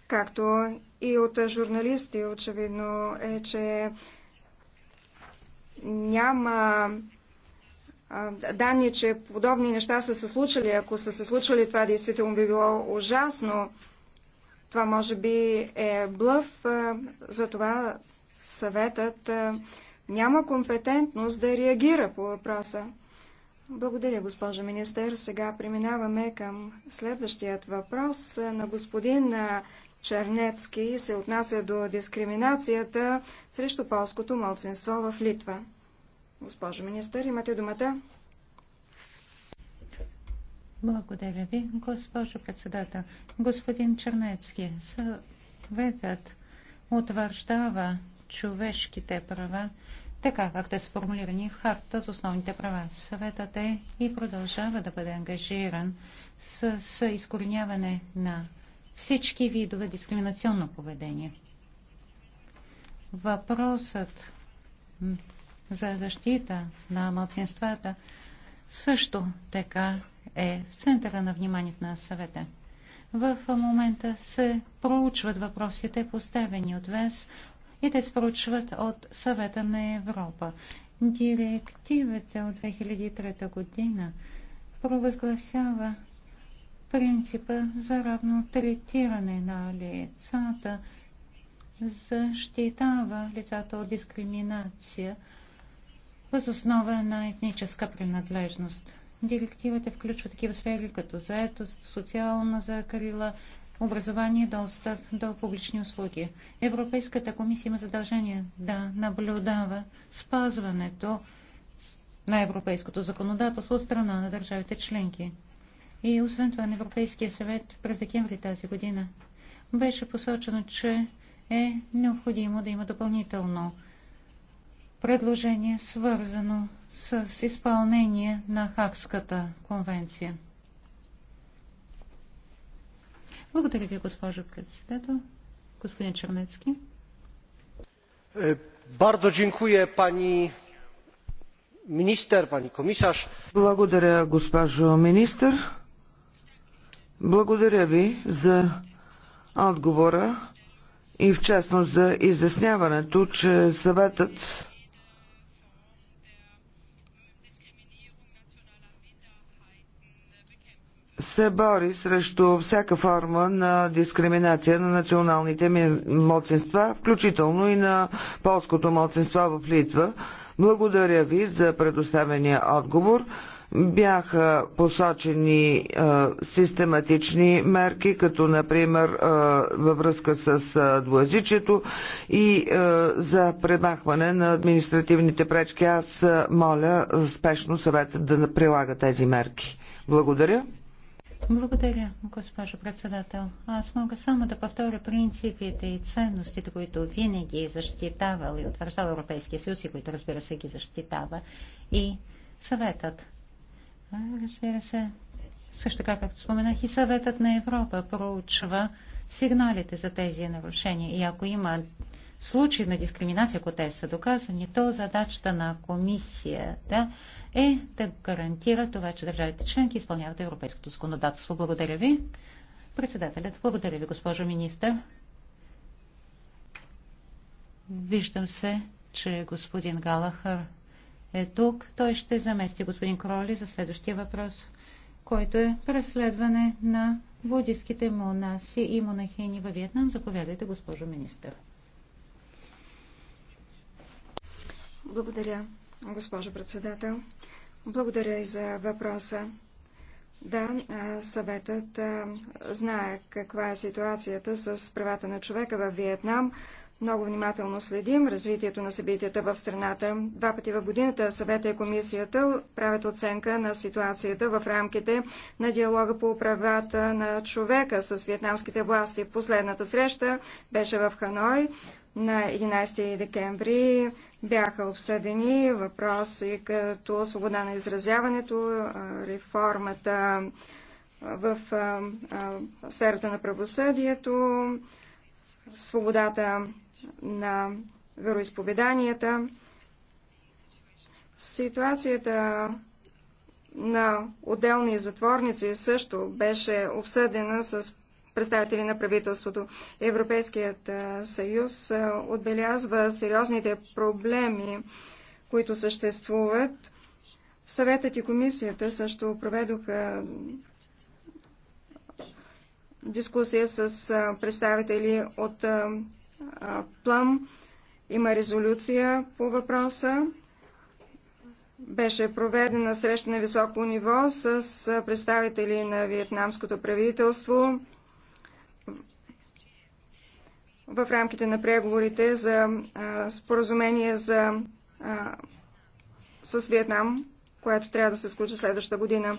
S3: както и от журналисти. Очевидно е, че няма данни, че подобни неща са се случили. Ако са се случвали, това действително би било ужасно. Това може би е блъв, затова съветът няма компетентност да реагира по въпроса. Благодаря, госпожа министър. Сега преминаваме към следващият въпрос на господин Чернецки се отнася до дискриминацията срещу полското малцинство в Литва. Госпожо министър, имате думата.
S1: Благодаря ви, госпожо председател. Господин Чернецки, съветът утвърждава човешките права така както е сформулирани в Харта за основните права. Съветът е и продължава да бъде ангажиран с, с изкореняване на всички видове дискриминационно поведение. Въпросът за защита на младсинствата също така е в центъра на вниманието на съвета. В момента се проучват въпросите, поставени от вас и те се от съвета на Европа. Директивата от 2003 година провъзгласява принципа за равно третиране на лицата, защитава лицата от дискриминация въз основа на етническа принадлежност. Директивата включва такива сфери като заетост, социална закрила, образование, достъп до публични услуги. Европейската комисия има задължение да наблюдава спазването на европейското законодателство от страна на държавите членки. И освен това на Европейския съвет през декември тази година беше посочено, че е необходимо да има допълнително предложение, свързано с изпълнение на Хакската конвенция. Благодаря ви, госпожо председател. Господин Чернецки.
S2: Е, бардо дзинкуе, пани министър, пани комисаж. Благодаря, госпожо министър. Благодаря ви за отговора и в частност за изясняването, че съветът се бори срещу всяка форма на дискриминация на националните младсинства, включително и на полското младсинство в Литва. Благодаря ви за предоставения отговор. Бяха посочени е, систематични мерки, като например е, във връзка с е, двоязичието и е, за премахване на административните пречки. Аз е, моля спешно съвета да прилага тези мерки. Благодаря.
S1: Благодаря, госпожо председател. Аз мога само да повторя принципите и ценностите, които винаги защитавал и утвърждал Европейския съюз и които, разбира се, ги защитава и съветът. Разбира се, също така, както споменах, и съветът на Европа проучва сигналите за тези нарушения. И ако има случаи на дискриминация, ако те са доказани, то задачата на комисията да е да гарантира това, че държавите членки изпълняват европейското законодателство. Благодаря ви. Председателят, благодаря ви, госпожо министър. Виждам се, че господин Галахър е тук. Той ще замести господин Кроли за следващия въпрос, който е преследване на водиските монаси и монахини във Виетнам. Заповядайте, госпожо министър.
S3: Благодаря госпожо председател. Благодаря и за въпроса. Да, съветът знае каква е ситуацията с правата на човека в Виетнам. Много внимателно следим развитието на събитията в страната. Два пъти в годината съвета и комисията правят оценка на ситуацията в рамките на диалога по правата на човека с вьетнамските власти. Последната среща беше в Ханой на 11 декември бяха обсъдени въпроси като свобода на изразяването, реформата в сферата на правосъдието, свободата на вероисповеданията. Ситуацията на отделни затворници също беше обсъдена с представители на правителството. Европейският съюз отбелязва сериозните проблеми, които съществуват. Съветът и комисията също проведоха дискусия с представители от Плам. Има резолюция по въпроса. Беше проведена среща на високо ниво с представители на виетнамското правителство, в рамките на преговорите за а, споразумение за, а, с Виетнам, което трябва да се сключи следващата година.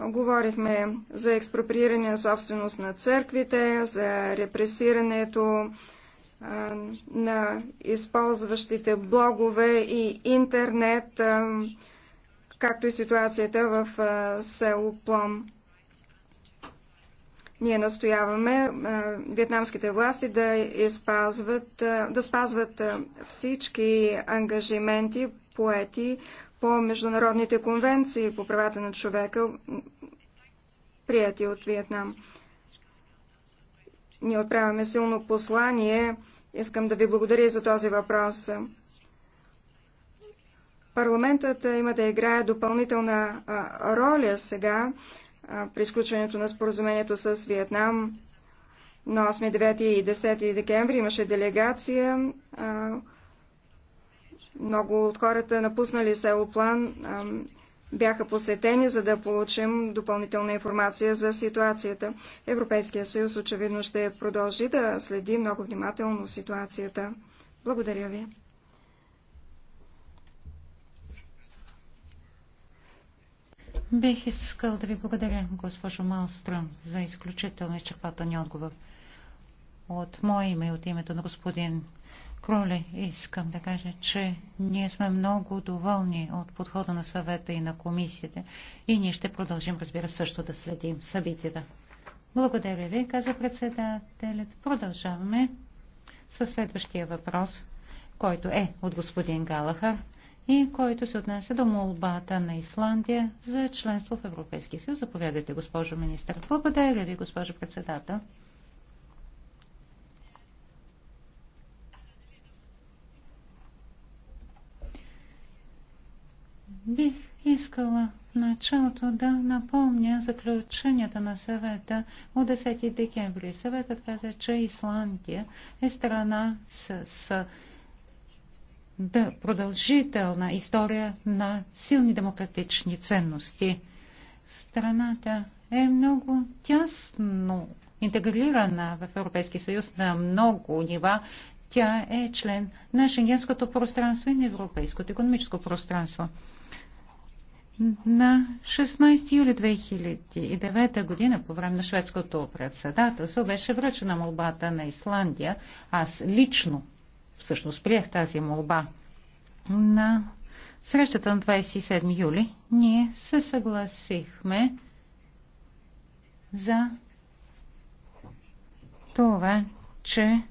S3: Говорихме за експроприиране на собственост на църквите, за репресирането а, на използващите блогове и интернет, а, както и ситуацията в а, село Плом. Ние настояваме вьетнамските власти да, изпазват, да спазват всички ангажименти, поети по международните конвенции по правата на човека, прияти от Виетнам. Ние отправяме силно послание. Искам да ви благодаря за този въпрос. Парламентът има да играе допълнителна роля сега при изключването на споразумението с Виетнам на 8, 9 и 10 декември имаше делегация. Много от хората, напуснали село План, бяха посетени, за да получим допълнителна информация за ситуацията. Европейския съюз очевидно ще продължи да следи много внимателно ситуацията. Благодаря ви. Бих
S1: искал да ви благодаря, госпожо Малстрън, за изключително изчерпателния отговор. От мое име и от името на господин Кроле искам да кажа, че ние сме много доволни от подхода на съвета и на комисията и ние ще продължим, разбира също да следим събитията. Благодаря ви, каза председателят. Продължаваме със следващия въпрос, който е от господин Галахар и който се отнесе до молбата на Исландия за членство в Европейския съюз. Заповядайте, госпожо министър. Благодаря ви, госпожо председател. Бих искала в началото да напомня заключенията на съвета от 10 декември. Съветът каза, че Исландия е страна с, с да продължителна история на силни демократични ценности. Страната е много тясно интегрирана в Европейския съюз на много нива. Тя е член на Шенгенското пространство и на Европейското економическо пространство. На 16 юли 2009 година, по време на шведското председателство, беше връчена молбата на Исландия. Аз лично всъщност приех тази молба. На срещата на 27 юли ние се съгласихме за това, че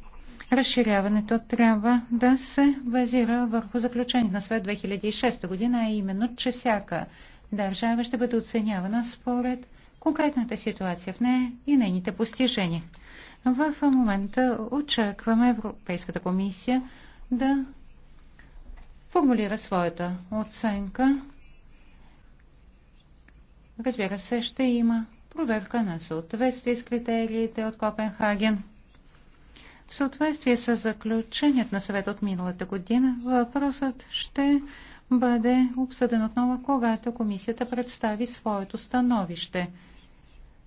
S1: разширяването трябва да се базира върху заключение на свет 2006 година, а именно, че всяка държава ще бъде оценявана според конкретната ситуация в нея и нейните постижения. В момента очакваме Европейската комисия да формулира своята оценка. Разбира се, ще има проверка на съответствие с критериите от Копенхаген. В съответствие с заключеният на съвет от миналата година, въпросът ще бъде обсъден отново, когато комисията представи своето становище –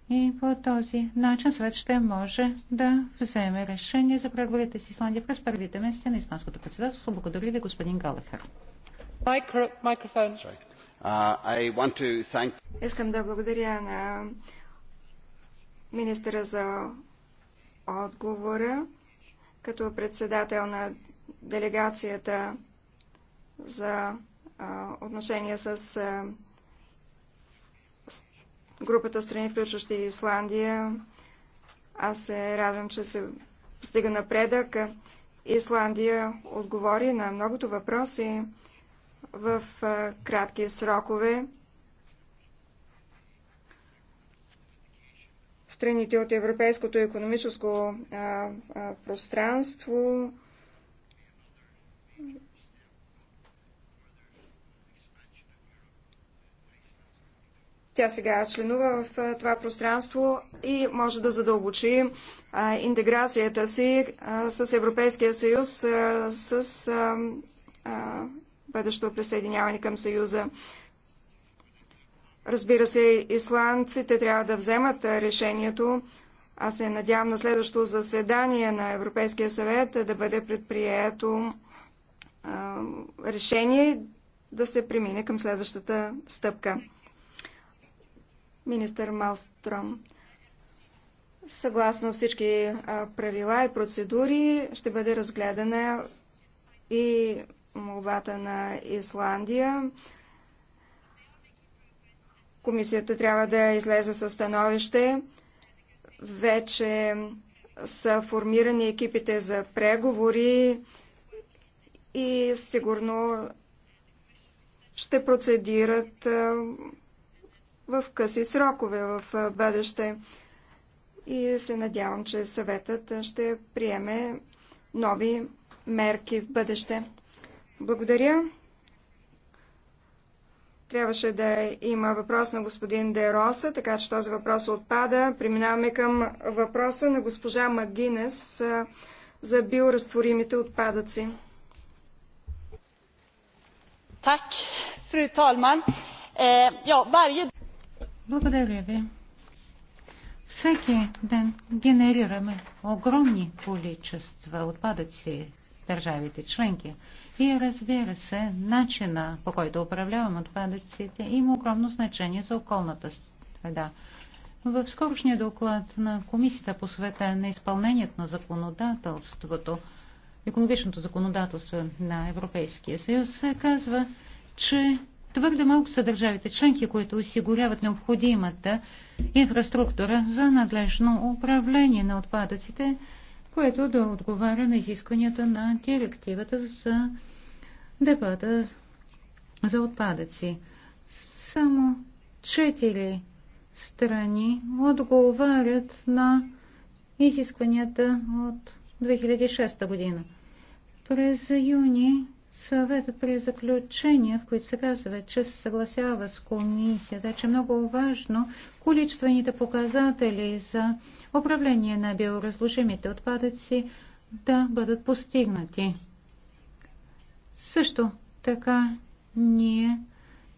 S1: и по този начин свет ще може да вземе решение за преговорите с Исландия през първите месеци на Испанското председателство. Благодаря ви, господин Галахар. Micro, uh, thank...
S3: Искам да благодаря на министъра за отговора като председател на делегацията за отношения с групата страни, включващи Исландия. Аз се радвам, че се постига напредък. Исландия отговори на многото въпроси в кратки срокове. Страните от Европейското економическо а, а, пространство Тя сега членува в това пространство и може да задълбочи интеграцията си с Европейския съюз, с бъдещо присъединяване към съюза. Разбира се, исландците трябва да вземат решението. Аз се надявам на следващото заседание на Европейския съвет да бъде предприето решение да се премине към следващата стъпка министър Малстром. Съгласно всички правила и процедури ще бъде разгледана и молбата на Исландия. Комисията трябва да излезе със становище. Вече са формирани екипите за преговори и сигурно ще процедират в къси срокове в бъдеще. И се надявам, че съветът ще приеме нови мерки в бъдеще. Благодаря. Трябваше да има въпрос на господин Дероса, така че този въпрос отпада. Преминаваме към въпроса на госпожа Магинес за биоразтворимите отпадъци. Так, fru Талман. Е, eh, ja,
S1: благодаря ви. Всеки ден генерираме огромни количества отпадъци в държавите членки. И разбира се, начина по който управляваме отпадъците има огромно значение за околната среда. В скорошния доклад на Комисията по света на изпълнението на законодателството, екологичното законодателство на Европейския съюз, се казва, че Твърде малко са държавите членки, които осигуряват необходимата инфраструктура за надлежно управление на отпадъците, което да отговаря на изискванията на директивата за дебата за отпадъци. Само четири страни отговарят на изискванията от 2006 година. През юни Съветът при заключение, в които се казва, че се съгласява с комисията, че е много важно количествените показатели за управление на биоразложимите отпадъци да бъдат постигнати. Също така ние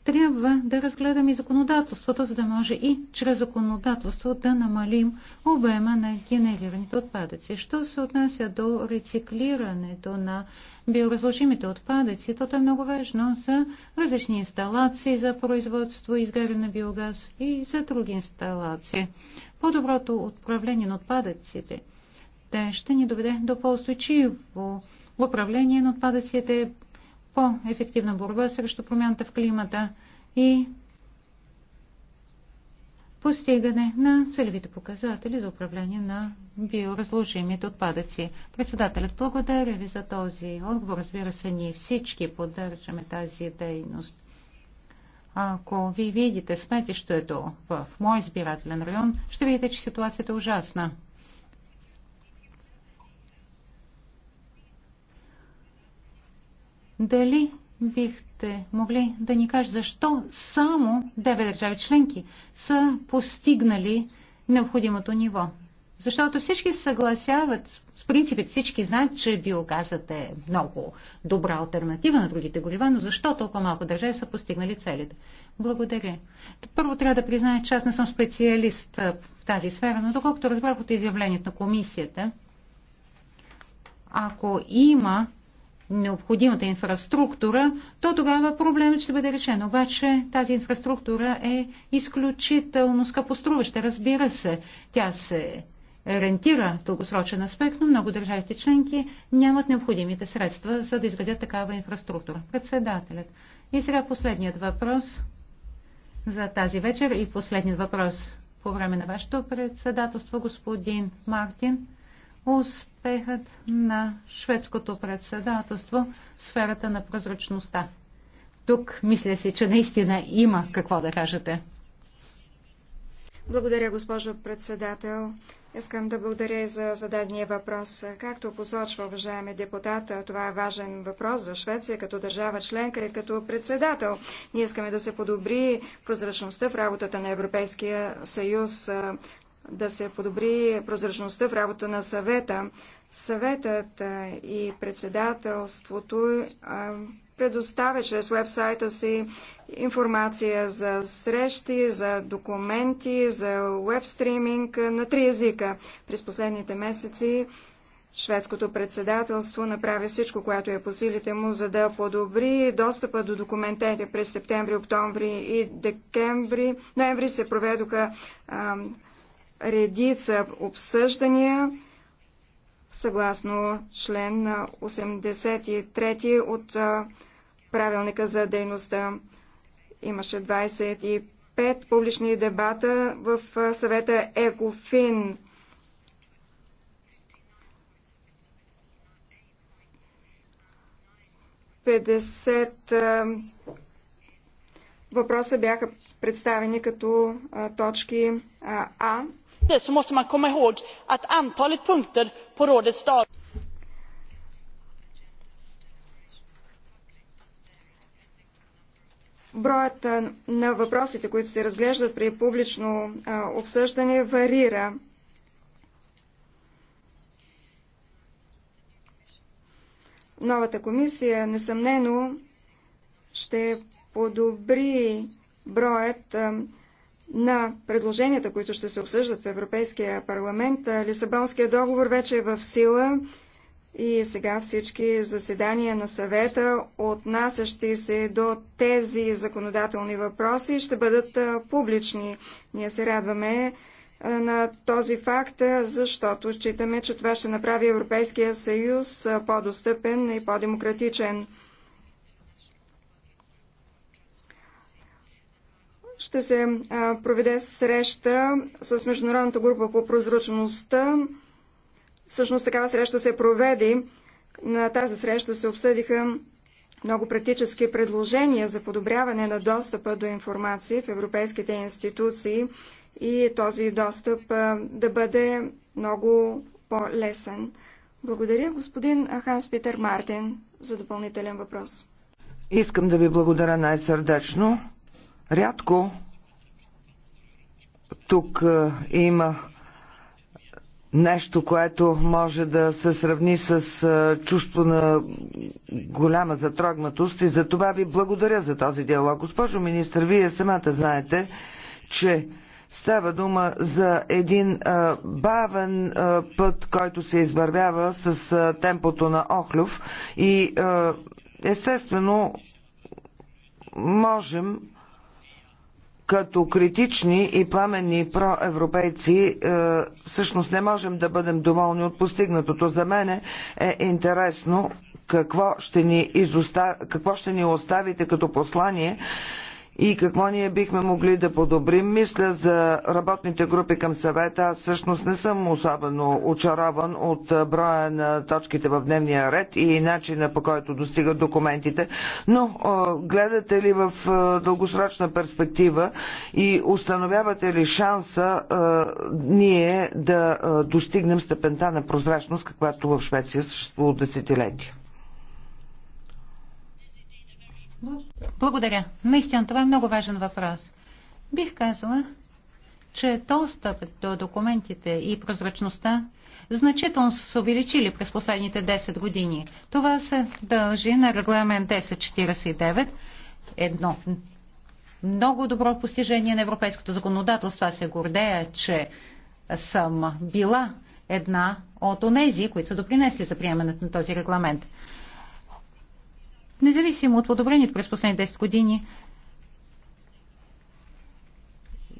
S1: трябва да разгледаме законодателството, за да може и чрез законодателство да намалим обема на генерираните отпадъци. Що се отнася до рециклирането на биоразложимите отпадъци, то е много важно за различни инсталации за производство и изгаряне на биогаз и за други инсталации. По-доброто управление на отпадъците те ще ни доведе до по-устойчиво управление на отпадъците, по-ефективна борба срещу промяната в климата и постигане на целевите показатели за управление на биоразложимите отпадъци. Председателят, благодаря ви за този отговор. Разбира се, ние всички поддържаме тази дейност. Ако ви видите сметището в мой избирателен район, ще видите, че ситуацията е ужасна. Дали бихте могли да ни кажете защо само 9 държави членки са постигнали необходимото ниво? Защото всички се съгласяват, с принципите всички знаят, че биогазът е много добра альтернатива на другите горива, но защо толкова малко държави са постигнали целите? Благодаря. Първо трябва да призная, че аз не съм специалист в тази сфера, но доколкото разбрах от изявлението на комисията, ако има необходимата инфраструктура, то тогава проблемът ще бъде решен. Обаче тази инфраструктура е изключително скъпоструваща, разбира се. Тя се рентира в дългосрочен аспект, но много държавите членки нямат необходимите средства, за да изградят такава инфраструктура. Председателят. И сега последният въпрос за тази вечер и последният въпрос по време на вашето председателство, господин Мартин успехът на шведското председателство в сферата на прозрачността. Тук мисля си, че наистина има какво да кажете.
S3: Благодаря, госпожо председател. Искам да благодаря и за зададения въпрос. Както посочва уважаеми депутат, това е важен въпрос за Швеция като държава членка и като председател. Ние искаме да се подобри прозрачността в работата на Европейския съюз, да се подобри прозрачността в работа на съвета. Съветът и председателството предоставя чрез вебсайта си информация за срещи, за документи, за вебстриминг на три езика. През последните месеци Шведското председателство направи всичко, което е по силите му, за да подобри достъпа до документите. През септември, октомври и декември, ноември се проведоха редица обсъждания съгласно член 83 от правилника за дейността. Имаше 25 публични дебата в съвета ЕКОФИН. въпроса бяха представени като точки А. Броят на въпросите, които се разглеждат при публично обсъждане, варира. Новата комисия, несъмнено, ще подобри броят на предложенията, които ще се обсъждат в Европейския парламент. Лисабонския договор вече е в сила и сега всички заседания на съвета, отнасящи се до тези законодателни въпроси, ще бъдат публични. Ние се радваме на този факт, защото считаме, че това ще направи Европейския съюз по-достъпен и по-демократичен. ще се проведе среща с Международната група по прозрачността. Всъщност такава среща се проведе. На тази среща се обсъдиха много практически предложения за подобряване на достъпа до информация в европейските институции и този достъп да бъде много по-лесен. Благодаря, господин Ханс Питер Мартин, за допълнителен въпрос.
S2: Искам да ви благодаря най-сърдечно. Рядко тук е, има нещо, което може да се сравни с е, чувство на голяма затрогнатост и за това ви благодаря за този диалог. Госпожо министр, вие самата знаете, че Става дума за един а, е, бавен а, път, който се извървява с а, темпото на Охлюв и а, естествено можем като критични и пламенни проевропейци е, всъщност не можем да бъдем доволни от постигнатото. За мен е интересно какво ще ни, изоста... какво ще ни оставите като послание и какво ние бихме могли да подобрим. Мисля за работните групи към съвета. Аз всъщност не съм особено очарован от броя на точките в дневния ред и начина по който достигат документите. Но гледате ли в дългосрочна перспектива и установявате ли шанса ние да достигнем степента на прозрачност, каквато в Швеция съществува от десетилетия?
S1: Благодаря. Наистина това е много важен въпрос. Бих казала, че достъп до документите и прозрачността значително са се увеличили през последните 10 години. Това се дължи на регламент 1049, едно много добро постижение на европейското законодателство. Аз се гордея, че съм била една от онези, които са допринесли за приемането на този регламент независимо от подобрението през последните 10 години,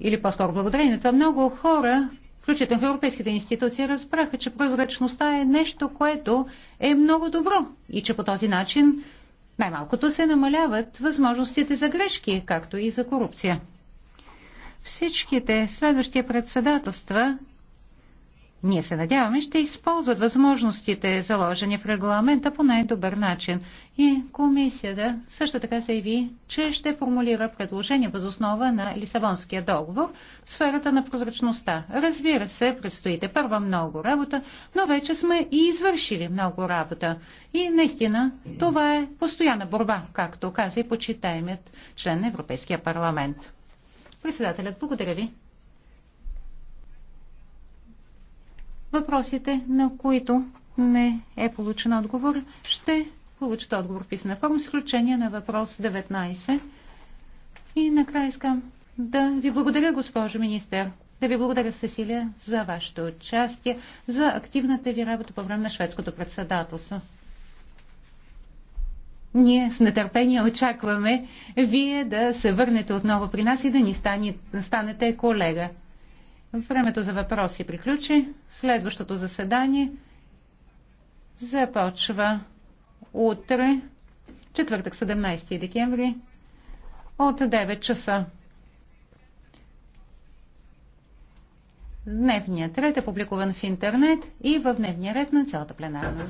S1: или по-скоро благодарение на това, много хора, включително в европейските институции, разбраха, че прозрачността е нещо, което е много добро и че по този начин най-малкото се намаляват възможностите за грешки, както и за корупция. Всичките следващи председателства ние се надяваме, ще използват възможностите, заложени в регламента по най-добър начин. И комисията също така заяви, че ще формулира предложение възоснова на Лисабонския договор в сферата на прозрачността. Разбира се, предстоите първа много работа, но вече сме и извършили много работа. И наистина това е постоянна борба, както каза и почитаемият член на Европейския парламент. Председателят, благодаря ви. Въпросите, на които не е получен отговор, ще получат отговор в писмена форма, с изключение на въпрос 19. И накрая искам да ви благодаря, госпожо министър. Да ви благодаря, Сесилия, за вашето участие, за активната ви работа по време на шведското председателство. Ние с нетърпение очакваме вие да се върнете отново при нас и да ни станете колега. Времето за въпроси приключи. Следващото заседание започва утре, четвъртък 17 декември, от 9 часа. Дневният ред е публикуван в интернет и в дневния ред на цялата пленарна